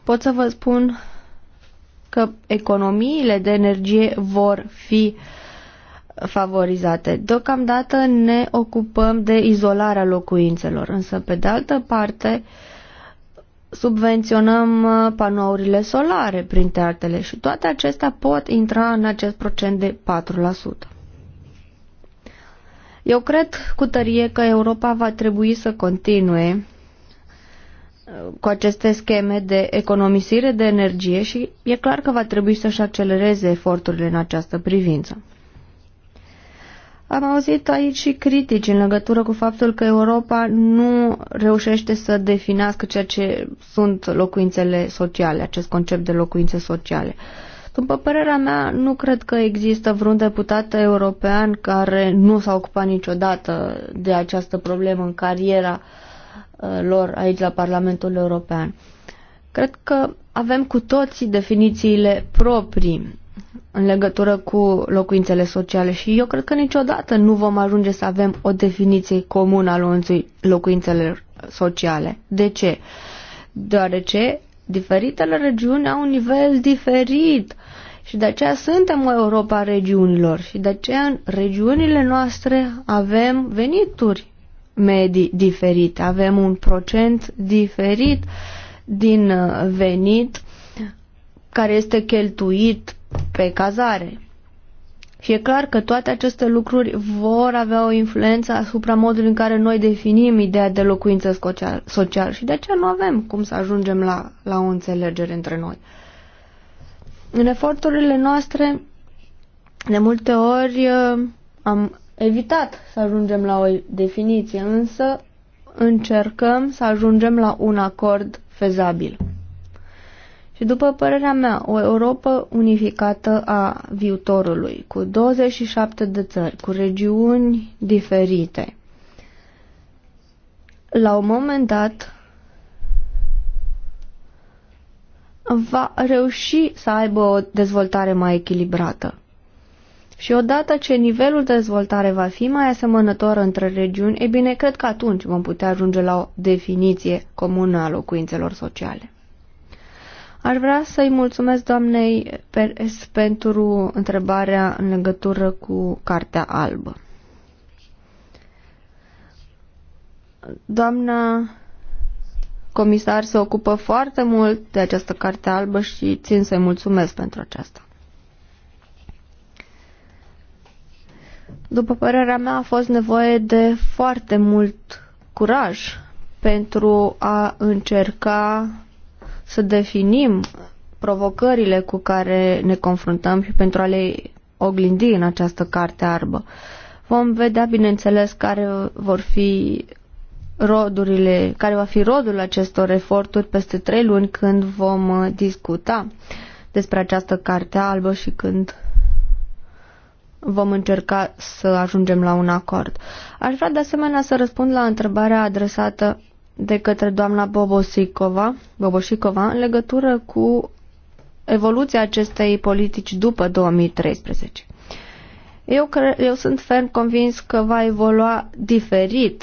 pot să vă spun că economiile de energie vor fi uh, favorizate. Deocamdată ne ocupăm de izolarea locuințelor, însă pe de altă parte subvenționăm uh, panourile solare printre altele și toate acestea pot intra în acest procent de 4%. Eu cred cu tărie că Europa va trebui să continue uh, cu aceste scheme de economisire de energie și e clar că va trebui să-și accelereze eforturile în această privință. Am auzit aici și critici în legătură cu faptul că Europa nu reușește să definească ceea ce sunt locuințele sociale, acest concept de locuințe sociale. După părerea mea, nu cred că există vreun deputat european care nu s-a ocupat niciodată de această problemă în cariera uh, lor aici la Parlamentul European. Cred că avem cu toții definițiile proprii în legătură cu locuințele sociale și eu cred că niciodată nu vom ajunge să avem o definiție comună a unui locuințele sociale. De ce? Deoarece diferitele regiuni au un nivel diferit și de aceea suntem o Europa regiunilor și de aceea în regiunile noastre avem venituri medii diferite, avem un procent diferit din venit care este cheltuit pe cazare. Și e clar că toate aceste lucruri vor avea o influență asupra modului în care noi definim ideea de locuință social, social și de aceea nu avem cum să ajungem la, la o înțelegere între noi. În eforturile noastre, de multe ori uh, am evitat să ajungem la o definiție, însă încercăm să ajungem la un acord fezabil. Și după părerea mea, o Europa unificată a viitorului, cu 27 de țări, cu regiuni diferite. La un moment dat, va reuși să aibă o dezvoltare mai echilibrată. Și odată ce nivelul de dezvoltare va fi mai asemănător între regiuni, e bine, cred că atunci vom putea ajunge la o definiție comună a locuințelor sociale. Ar vrea să-i mulțumesc doamnei Perez pentru întrebarea în legătură cu Cartea Albă. Doamna comisar se ocupă foarte mult de această Carte Albă și țin să-i mulțumesc pentru aceasta. După părerea mea, a fost nevoie de foarte mult curaj pentru a încerca să definim provocările cu care ne confruntăm și pentru a le oglindi în această carte arbă. Vom vedea, bineînțeles, care vor fi rodurile, care va fi rodul acestor eforturi peste trei luni când vom uh, discuta despre această carte albă și când vom încerca să ajungem la un acord. Aș vrea de asemenea să răspund la întrebarea adresată de către doamna Bobosicova, Bobosicova în legătură cu evoluția acestei politici după 2013. Eu, cre- eu sunt ferm convins că va evolua diferit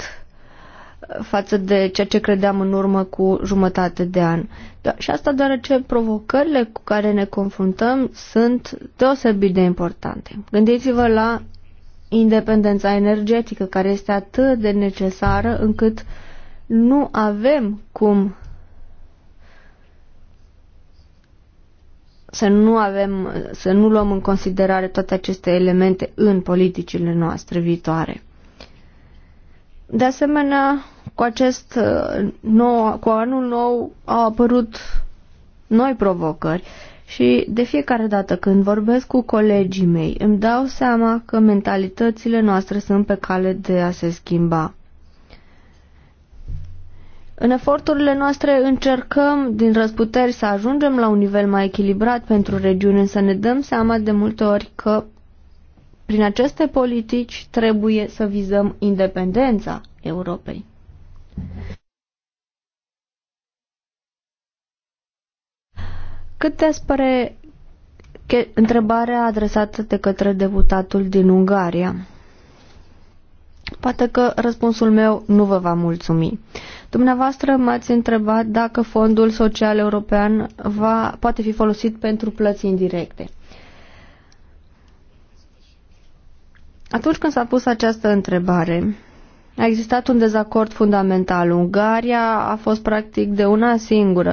față de ceea ce credeam în urmă cu jumătate de an. Da, și asta deoarece provocările cu care ne confruntăm sunt deosebit de importante. Gândiți-vă la independența energetică care este atât de necesară încât uh, nu avem cum să nu avem, să nu luăm în considerare toate aceste elemente în politicile noastre viitoare. De asemenea, cu acest uh, nou, cu anul nou au apărut noi provocări și de fiecare dată când vorbesc cu colegii mei, îmi dau seama că mentalitățile noastre sunt pe cale de a se schimba. În eforturile noastre încercăm din răsputeri să ajungem la un nivel mai echilibrat pentru regiune, să ne dăm seama de multe ori că prin aceste politici trebuie să vizăm independența Europei. Cât despre întrebarea adresată de către deputatul din Ungaria, Poate că răspunsul meu nu vă va mulțumi. Dumneavoastră m-ați întrebat dacă Fondul Social European va, poate fi folosit pentru plăți indirecte. Atunci când s-a pus această întrebare, a existat un dezacord fundamental. Ungaria a fost practic de una singură.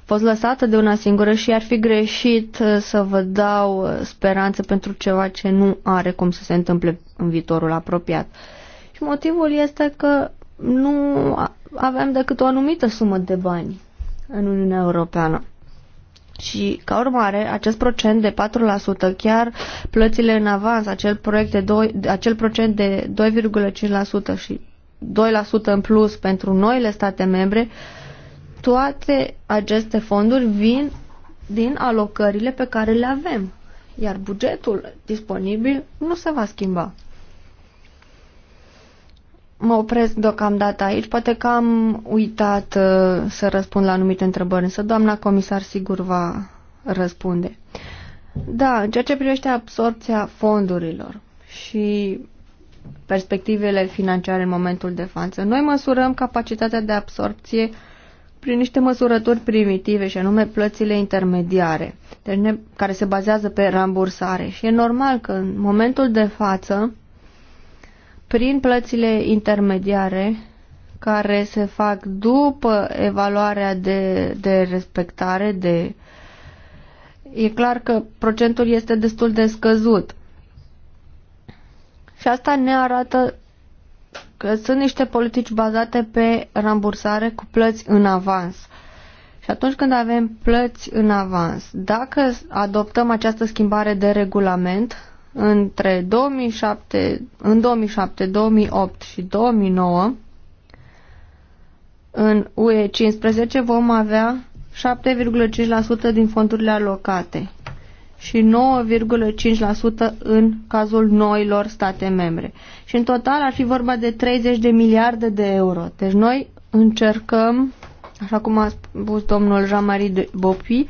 A fost lăsată de una singură și ar fi greșit uh, să vă dau uh, speranțe pentru ceva ce nu are cum să se întâmple în viitorul apropiat motivul este că nu avem decât o anumită sumă de bani în Uniunea Europeană. Și, ca urmare, acest procent de 4%, chiar plățile în avans, acel, proiect de 2, acel procent de 2,5% și 2% în plus pentru noile state membre, toate aceste fonduri vin din alocările pe care le avem, iar bugetul disponibil nu se va schimba mă opresc deocamdată aici. Poate că am uitat uh, să răspund la anumite întrebări, însă doamna comisar sigur va răspunde. Da, în ceea ce privește absorpția fondurilor și perspectivele financiare în momentul de față, noi măsurăm capacitatea de absorpție prin niște măsurători primitive și anume plățile intermediare, deci ne, care se bazează pe rambursare. Și e normal că în momentul de față prin plățile intermediare care se fac după evaluarea de, de respectare, de... e clar că procentul este destul de scăzut. Și asta ne arată că sunt niște politici bazate pe rambursare cu plăți în avans. Și atunci când avem plăți în avans, dacă adoptăm această schimbare de regulament, între 2007, în 2007, 2008 și 2009, în UE 15 vom avea 7,5% din fondurile alocate și 9,5% în cazul noilor state membre. Și în total ar fi vorba de 30 de miliarde de euro. Deci noi încercăm, așa cum a spus domnul Jean-Marie Bopi,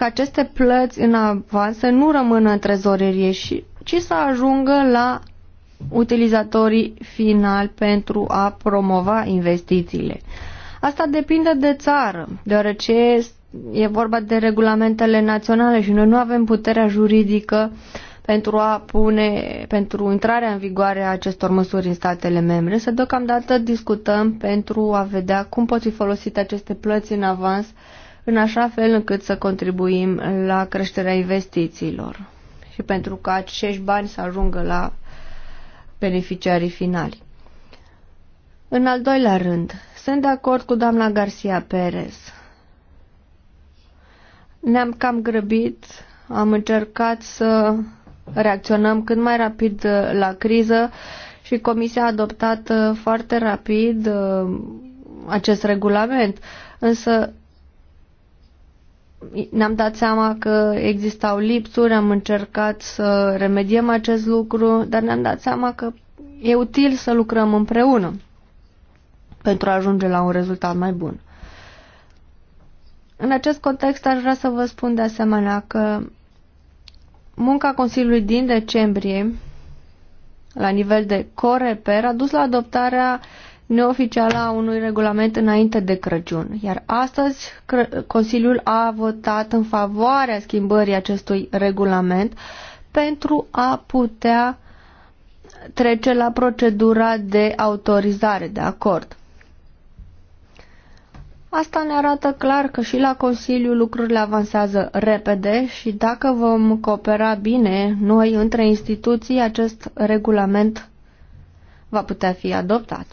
ca aceste plăți în avans să nu rămână în trezorerie, și ci să ajungă la utilizatorii finali pentru a promova investițiile. Asta depinde de țară, deoarece e vorba de regulamentele naționale și noi nu avem puterea juridică pentru a pune, pentru intrarea în vigoare a acestor măsuri în statele membre, să deocamdată discutăm pentru a vedea cum pot fi folosite aceste plăți în avans uh, în așa fel încât să contribuim la creșterea investițiilor și pentru ca acești bani să ajungă la beneficiarii finali. În al doilea rând, sunt de acord cu doamna Garcia Perez. Ne-am cam grăbit, am încercat să reacționăm cât mai rapid uh, la criză și Comisia a adoptat uh, foarte rapid uh, acest regulament, însă ne-am dat seama că existau lipsuri, am încercat să remediem acest lucru, dar ne-am dat seama că e util să lucrăm împreună pentru a ajunge la un rezultat mai bun. În acest context aș vrea să vă spun de asemenea că munca Consiliului din decembrie la nivel de coreper a dus la adoptarea uh, neoficială a unui regulament înainte de Crăciun, iar astăzi Consiliul a votat în favoarea schimbării acestui regulament pentru a putea trece la procedura de autorizare, de acord. Asta ne arată clar că și la Consiliu lucrurile avansează repede și dacă vom coopera bine noi între instituții, acest regulament va putea fi adoptat.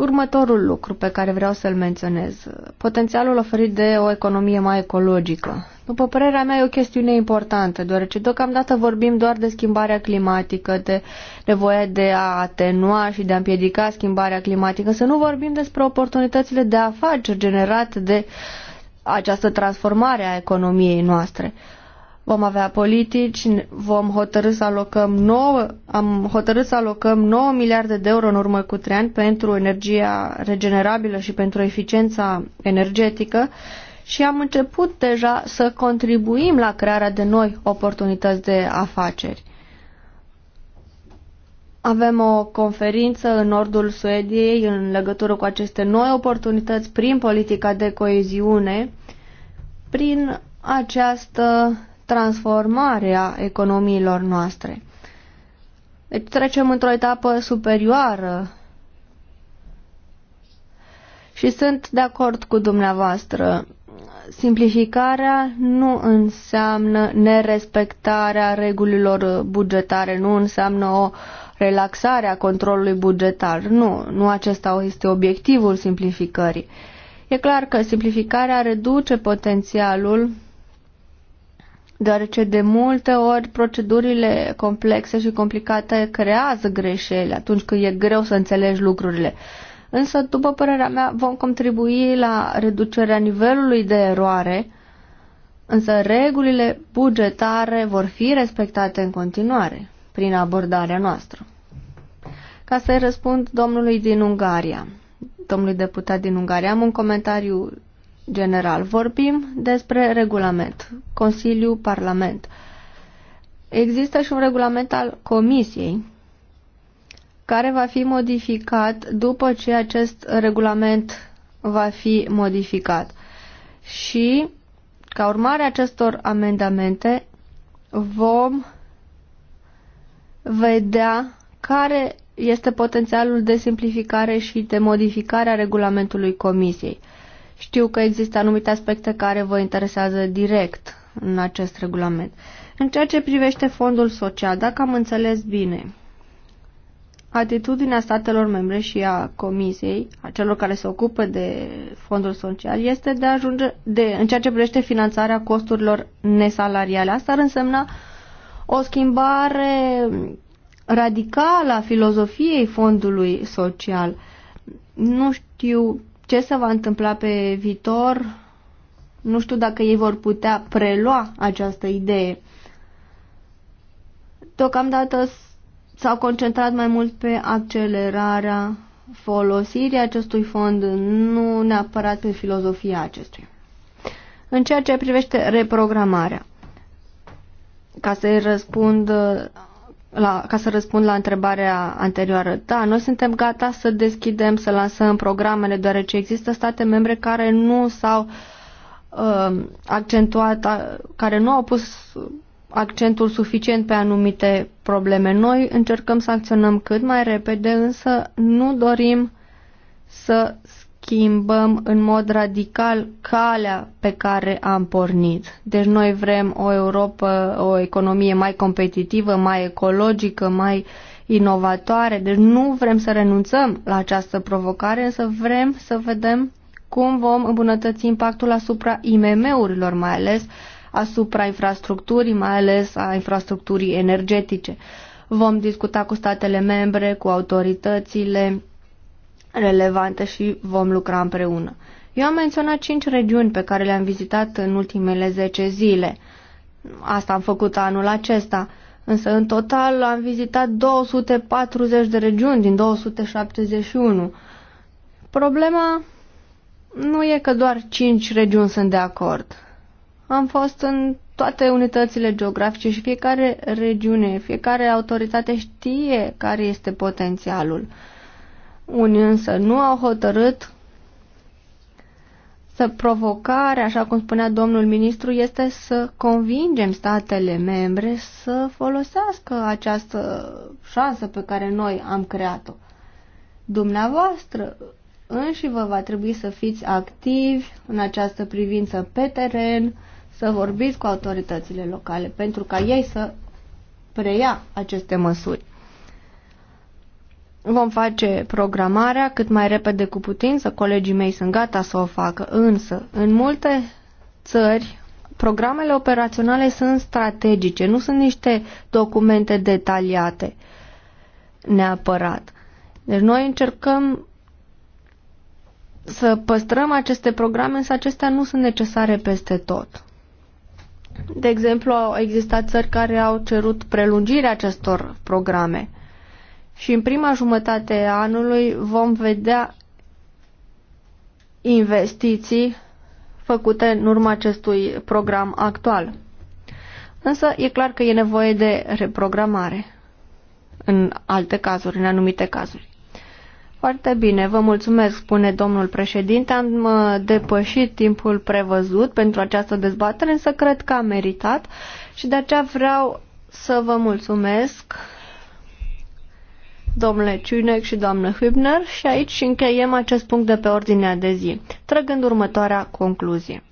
Următorul lucru pe care vreau să-l menționez, potențialul oferit de o economie mai ecologică. După părerea mea, e o chestiune importantă, deoarece deocamdată vorbim doar de schimbarea climatică, de nevoia de a atenua și de a împiedica schimbarea climatică, să nu vorbim despre oportunitățile de afaceri generate de această transformare a economiei noastre. Vom avea politici, vom hotărâ să alocăm 9, am hotărât să alocăm 9 miliarde de euro în urmă cu 3 ani pentru energia regenerabilă și pentru eficiența energetică și am început deja să contribuim la crearea de noi oportunități de afaceri. Avem o conferință în nordul Suediei în legătură cu aceste noi oportunități prin politica de coeziune, prin această transformarea economiilor noastre. Deci trecem într-o etapă superioară și sunt de acord cu dumneavoastră. Simplificarea nu înseamnă nerespectarea regulilor bugetare, nu înseamnă o relaxare a controlului bugetar. Nu, nu acesta este obiectivul simplificării. E clar că simplificarea reduce potențialul deoarece de multe ori procedurile complexe și complicate creează greșeli atunci când e greu să înțelegi lucrurile. Însă, după părerea mea, vom contribui la reducerea nivelului de eroare, însă regulile bugetare vor fi respectate în continuare prin abordarea noastră. Ca să-i răspund domnului din Ungaria, domnului deputat din Ungaria, am un comentariu general. Vorbim despre regulament, Consiliu, Parlament. Există și un regulament al Comisiei care va fi modificat după ce acest regulament va fi modificat. Și, ca urmare acestor amendamente, vom vedea care este potențialul de simplificare și de modificare a regulamentului Comisiei. Știu că există anumite aspecte care vă interesează direct în acest regulament. În ceea ce privește fondul social, dacă am înțeles bine, atitudinea statelor membre și a comisiei, a celor care se ocupă de fondul social, este de a ajunge, de, în ceea ce privește finanțarea costurilor nesalariale. Asta ar însemna o schimbare radicală a filozofiei fondului social. Nu știu ce se va întâmpla pe viitor? Nu știu dacă ei vor putea prelua această idee. Deocamdată s-au concentrat mai mult pe accelerarea folosirii acestui fond, nu neapărat pe filozofia acestui. În ceea ce privește reprogramarea, ca să-i răspund la, ca să răspund la întrebarea anterioară, da, noi suntem gata să deschidem, să lansăm programele, deoarece există state membre care nu s-au uh, accentuat, care nu au pus accentul suficient pe anumite probleme. Noi încercăm să acționăm cât mai repede, însă nu dorim să schimbăm în mod radical calea pe care am pornit. Deci noi vrem o Europa, o economie mai competitivă, mai ecologică, mai inovatoare. Deci nu vrem să renunțăm la această provocare, însă vrem să vedem cum vom îmbunătăți impactul asupra IMM-urilor, mai ales asupra infrastructurii, mai ales a infrastructurii energetice. Vom discuta cu statele membre, cu autoritățile relevante și vom lucra împreună. Eu am menționat cinci regiuni pe care le-am vizitat în ultimele 10 zile. Asta am făcut anul acesta, însă în total am vizitat 240 de regiuni din 271. Problema nu e că doar 5 regiuni sunt de acord. Am fost în toate unitățile geografice și fiecare regiune, fiecare autoritate știe care este potențialul. Unii însă nu au hotărât să provocare, așa cum spunea domnul ministru, este să convingem statele membre să folosească această șansă pe care noi am creat-o. Dumneavoastră înși vă va trebui să fiți activi în această privință pe teren, să vorbiți cu autoritățile locale pentru ca ei să preia aceste măsuri. Vom face programarea cât mai repede cu putință, colegii mei sunt gata să o facă, însă în multe țări programele operaționale sunt strategice, nu sunt niște documente detaliate neapărat. Deci noi încercăm să păstrăm aceste programe, însă acestea nu sunt necesare peste tot. De exemplu, au existat țări care au cerut prelungirea acestor programe – și în prima jumătate a anului vom vedea investiții făcute în urma acestui program actual. Însă e clar că e nevoie de reprogramare în alte cazuri, în anumite cazuri. Foarte bine, vă mulțumesc, spune domnul președinte. Am uh, depășit timpul prevăzut pentru această dezbatere, însă cred că a meritat și de aceea vreau să vă mulțumesc domnule Ciunec și doamnă Hübner și aici încheiem acest punct de pe ordinea de zi, trăgând următoarea concluzie.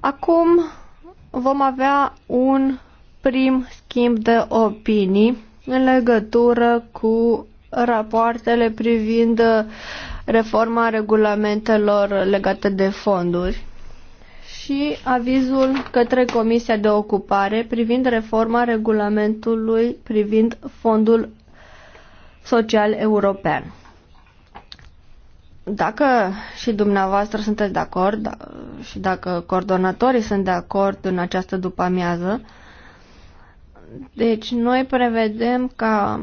Acum vom avea un prim schimb de opinii în legătură cu rapoartele privind reforma regulamentelor legate de fonduri și avizul către Comisia de Ocupare privind reforma regulamentului privind fondul social european. Dacă și dumneavoastră sunteți de acord da, și dacă coordonatorii sunt de acord în această după-amiază, deci noi prevedem ca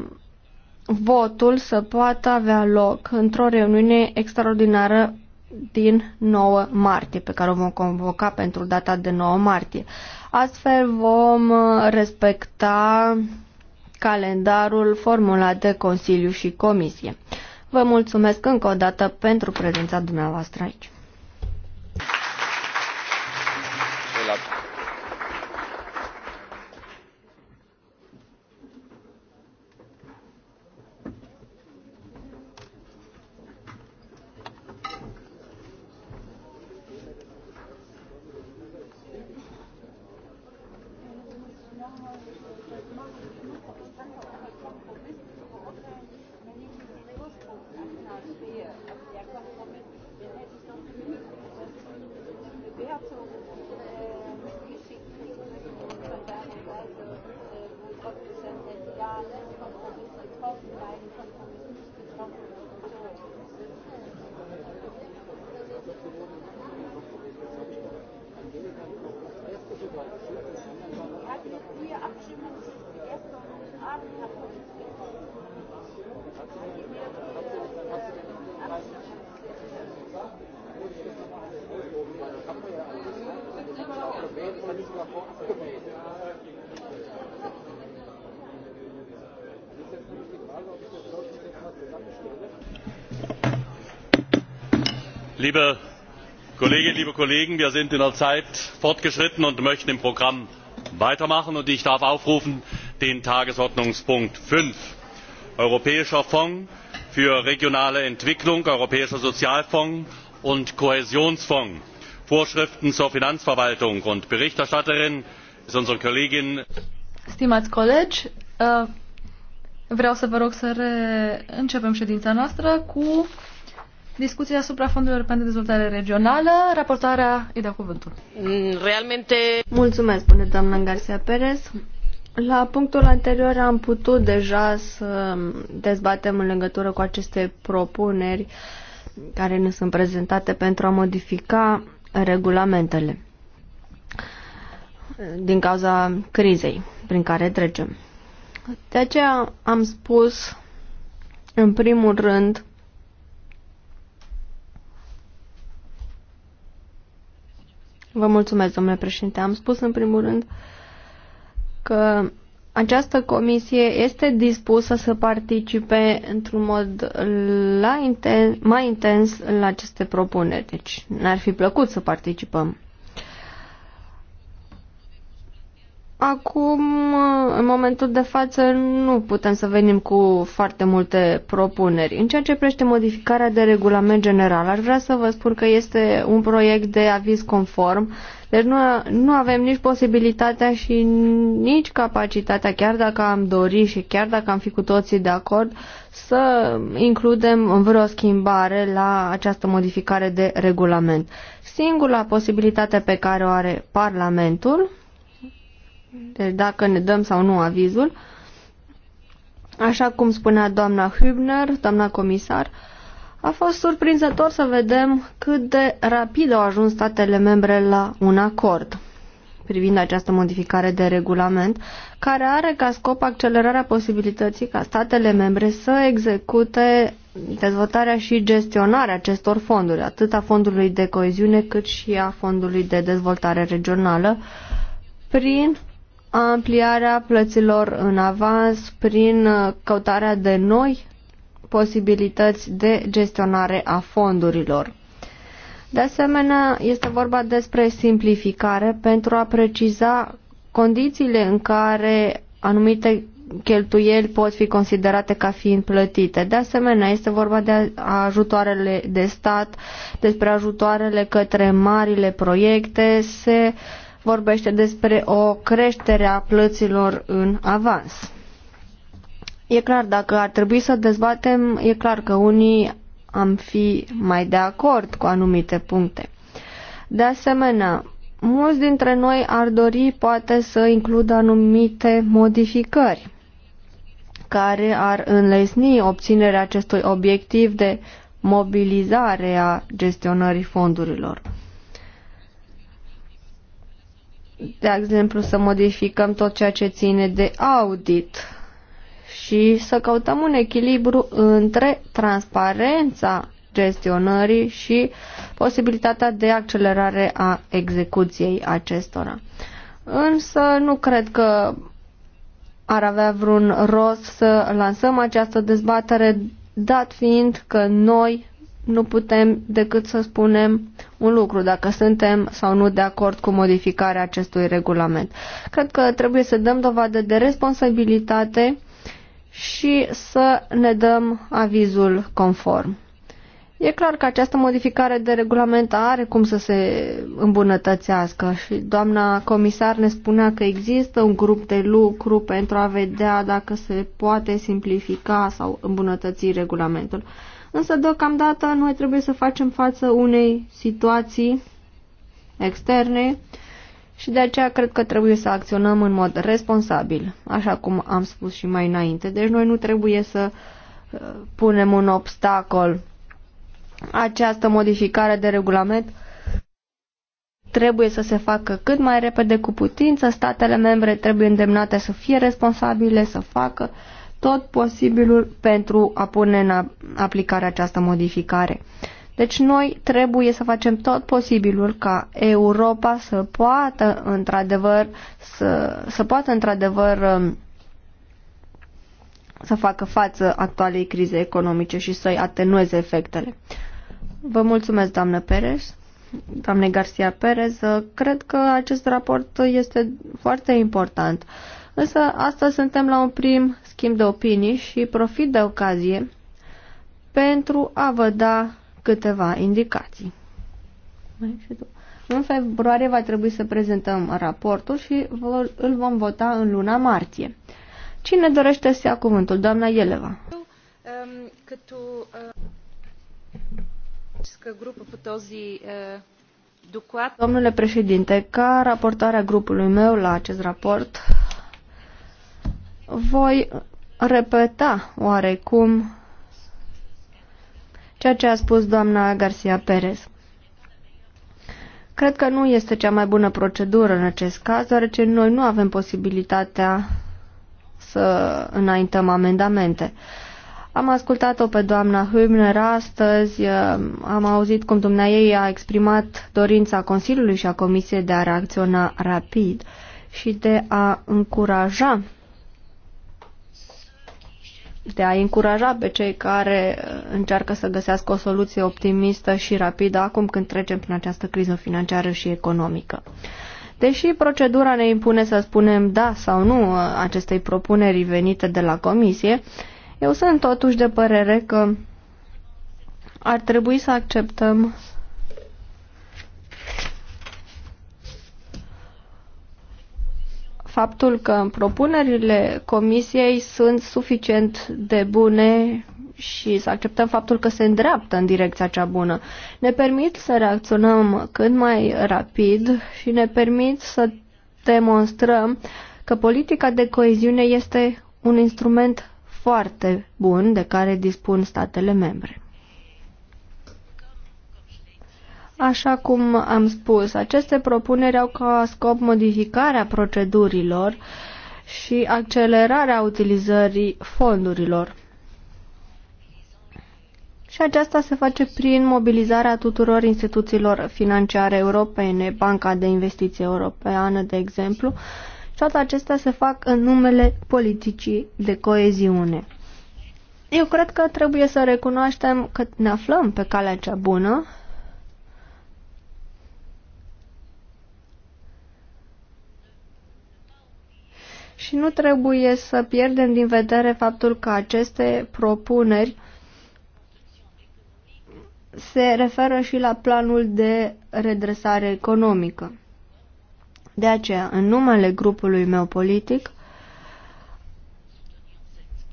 votul să poată avea loc într-o reuniune extraordinară din 9 martie, pe care o vom convoca pentru data de 9 martie. Astfel vom respecta calendarul formulat de Consiliu și Comisie. Vă mulțumesc încă o dată pentru prezența dumneavoastră aici. liebe kolleginnen liebe kollegen! wir sind in der zeit fortgeschritten und möchten im programm weitermachen. ich darf aufrufen den tagesordnungspunkt fünf europäischer fonds für regionale entwicklung europäischer sozialfonds und kohäsionsfonds vorschriften zur finanzverwaltung und berichterstatterin ist unsere kollegin. stimați colegi uh, vreau să vă rog să începem ședința noastră cu discuția asupra fondurilor pentru de Dezvoltare Regională. Raportarea îi dă cuvântul. Mm, realmente... Mulțumesc, spune doamna Garcia Perez. La punctul anterior am putut deja să dezbatem în legătură cu aceste propuneri care ne sunt prezentate pentru a modifica regulamentele din cauza crizei prin care trecem. De aceea am spus, în primul rând, Vă mulțumesc, domnule președinte. Am spus în primul rând că această comisie este dispusă să participe într-un mod la inten- mai intens la aceste propuneri. Deci ne-ar fi plăcut să participăm. Acum, în momentul de față, nu putem să venim cu foarte multe propuneri. În ceea ce prește modificarea de regulament general, aș vrea să vă spun că este un proiect de aviz conform, deci nu, nu avem nici posibilitatea și nici capacitatea, chiar dacă am dori și chiar dacă am fi cu toții de acord, să includem în vreo schimbare la această modificare de regulament. Singura posibilitate pe care o are Parlamentul deci dacă ne dăm sau nu avizul. Așa cum spunea doamna Hübner, doamna comisar, a fost surprinzător să vedem cât de rapid au ajuns statele membre la un acord privind această modificare de regulament, care are ca scop accelerarea posibilității ca statele membre să execute dezvoltarea și gestionarea acestor fonduri, atât a fondului de coeziune cât și a fondului de dezvoltare regională, prin ampliarea plăților în avans prin uh, căutarea de noi posibilități de gestionare a fondurilor. De asemenea, este vorba despre simplificare pentru a preciza condițiile în care anumite cheltuieli pot fi considerate ca fiind plătite. De asemenea, este vorba de ajutoarele de stat, despre ajutoarele către marile proiecte, se uh, vorbește despre o creștere a plăților în avans. E clar, dacă ar trebui să dezbatem, e clar că unii am fi mai de acord cu anumite puncte. De asemenea, mulți dintre noi ar dori poate să includă anumite modificări care ar înlesni obținerea acestui obiectiv de mobilizare a gestionării fondurilor de exemplu, să modificăm tot ceea ce ține de audit și să căutăm un echilibru între transparența gestionării și posibilitatea de accelerare a execuției acestora. Însă nu cred că ar avea vreun rost să lansăm această dezbatere, dat fiind că noi nu putem decât să spunem un lucru, dacă suntem sau nu de acord cu modificarea acestui regulament. Cred că trebuie să dăm dovadă de responsabilitate și să ne dăm avizul conform. E clar că această modificare de regulament are cum să se îmbunătățească și doamna comisar ne spunea că există un grup de lucru pentru a vedea dacă se poate simplifica sau îmbunătăți regulamentul. Însă, deocamdată, noi trebuie să facem față unei situații externe și de aceea cred că trebuie să acționăm în mod responsabil, așa cum am spus și mai înainte. Deci noi nu trebuie să uh, punem un obstacol. Această modificare de regulament trebuie să se facă cât mai repede cu putință, statele membre trebuie îndemnate să fie responsabile, să facă uh, tot posibilul pentru a pune în aplicare această modificare. Deci noi trebuie să facem tot posibilul ca Europa să poată într-adevăr să, să poată într-adevăr um, să facă față actualei crize economice și să-i atenueze efectele. Vă mulțumesc, doamnă Perez, doamne Garcia Perez. Cred că acest raport este foarte important. Însă astăzi suntem la un prim schimb de opinii și profit de ocazie pentru a vă da câteva indicații. În februarie va trebui să prezentăm raportul și îl vom vota în luna martie. Cine dorește să ia cuvântul? Doamna Eleva. Domnule președinte, ca raportarea grupului meu la acest raport, voi repeta oarecum ceea ce a spus doamna Garcia Perez. Cred că nu este cea mai bună procedură în acest caz, deoarece noi nu avem posibilitatea să înaintăm amendamente. Am ascultat-o pe doamna Hübner astăzi, eh, am auzit cum ei a exprimat dorința Consiliului și a Comisiei de a reacționa rapid și de a încuraja de a încuraja pe cei care uh, încearcă să găsească o soluție optimistă și rapidă acum când trecem prin această criză financiară și economică. Deși procedura ne impune să spunem da sau nu uh, acestei propuneri venite de la comisie, eu sunt totuși de părere că ar trebui să acceptăm faptul că propunerile comisiei sunt suficient de bune și să acceptăm faptul că se îndreaptă în direcția cea bună. Ne permit să reacționăm cât mai rapid și ne permit să demonstrăm că politica de coeziune este un instrument foarte bun de care dispun statele membre. Așa cum am spus, aceste propuneri au ca scop modificarea procedurilor și accelerarea utilizării fondurilor. Și aceasta se face prin mobilizarea tuturor instituțiilor financiare europene, Banca de Investiții Europeană, de exemplu, și toate acestea se fac în numele politicii de coeziune. Eu cred că trebuie să recunoaștem că ne aflăm pe calea cea bună Și nu trebuie să pierdem din vedere faptul că aceste propuneri se referă și la planul de redresare economică. De aceea, în numele grupului meu politic,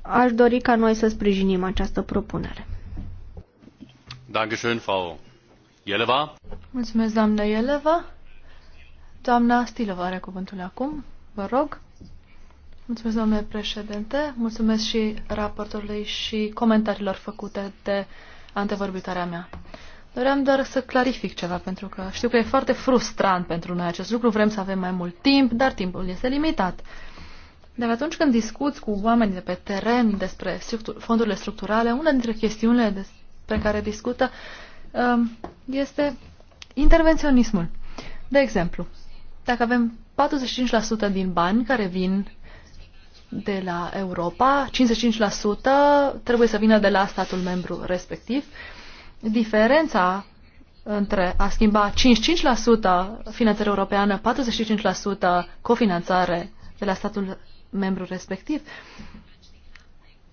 aș dori ca noi să sprijinim această propunere. Dankeschön, Frau Jeleva. Mulțumesc, doamnă Jeleva. Doamna Stilova are cuvântul acum. Vă rog. Mulțumesc, domnule președinte. Mulțumesc și raportorului și comentariilor făcute de antevorbitoarea mea. Doream doar să clarific ceva, pentru că știu că e foarte frustrant pentru noi acest lucru. Vrem să avem mai mult timp, dar timpul este limitat. Dar atunci când discuți cu oamenii de pe teren despre structur fondurile structurale, una dintre chestiunile despre care discută um, este intervenționismul. De exemplu, dacă avem 45% din bani care vin de la Europa, 55% trebuie să vină de la statul membru respectiv. Diferența între a schimba 55% finanțare europeană, 45% cofinanțare de la statul membru respectiv,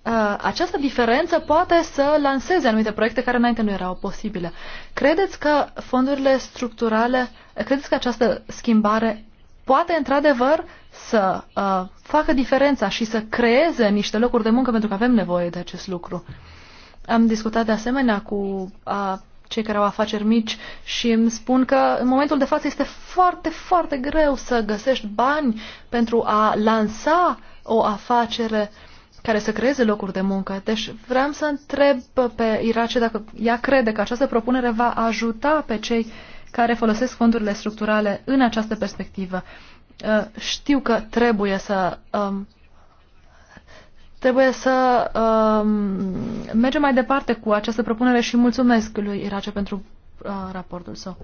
ă, această diferență poate să lanseze anumite proiecte care înainte nu erau posibile. Credeți că fondurile structurale, credeți că această schimbare poate într-adevăr să uh, facă diferența și să creeze niște locuri de muncă pentru că avem nevoie de acest lucru. Am discutat de asemenea cu uh, cei care au afaceri mici și îmi spun că în momentul de față este foarte, foarte greu să găsești bani pentru a lansa o afacere care să creeze locuri de muncă. Deci vreau să întreb pe Irace dacă ea crede că această propunere va ajuta pe cei uh, care folosesc fondurile structurale în această perspectivă. Uh, știu că trebuie să um, trebuie să um, mergem mai departe cu această propunere și mulțumesc lui Irace pentru uh, raportul său.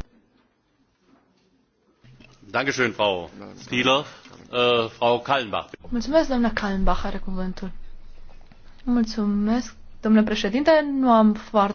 Dankeschön, Frau Stieler. Uh, Frau Kallenbach. Mulțumesc, doamna Kallenbach, are cuvântul. Mulțumesc, domnule președinte. Nu am foarte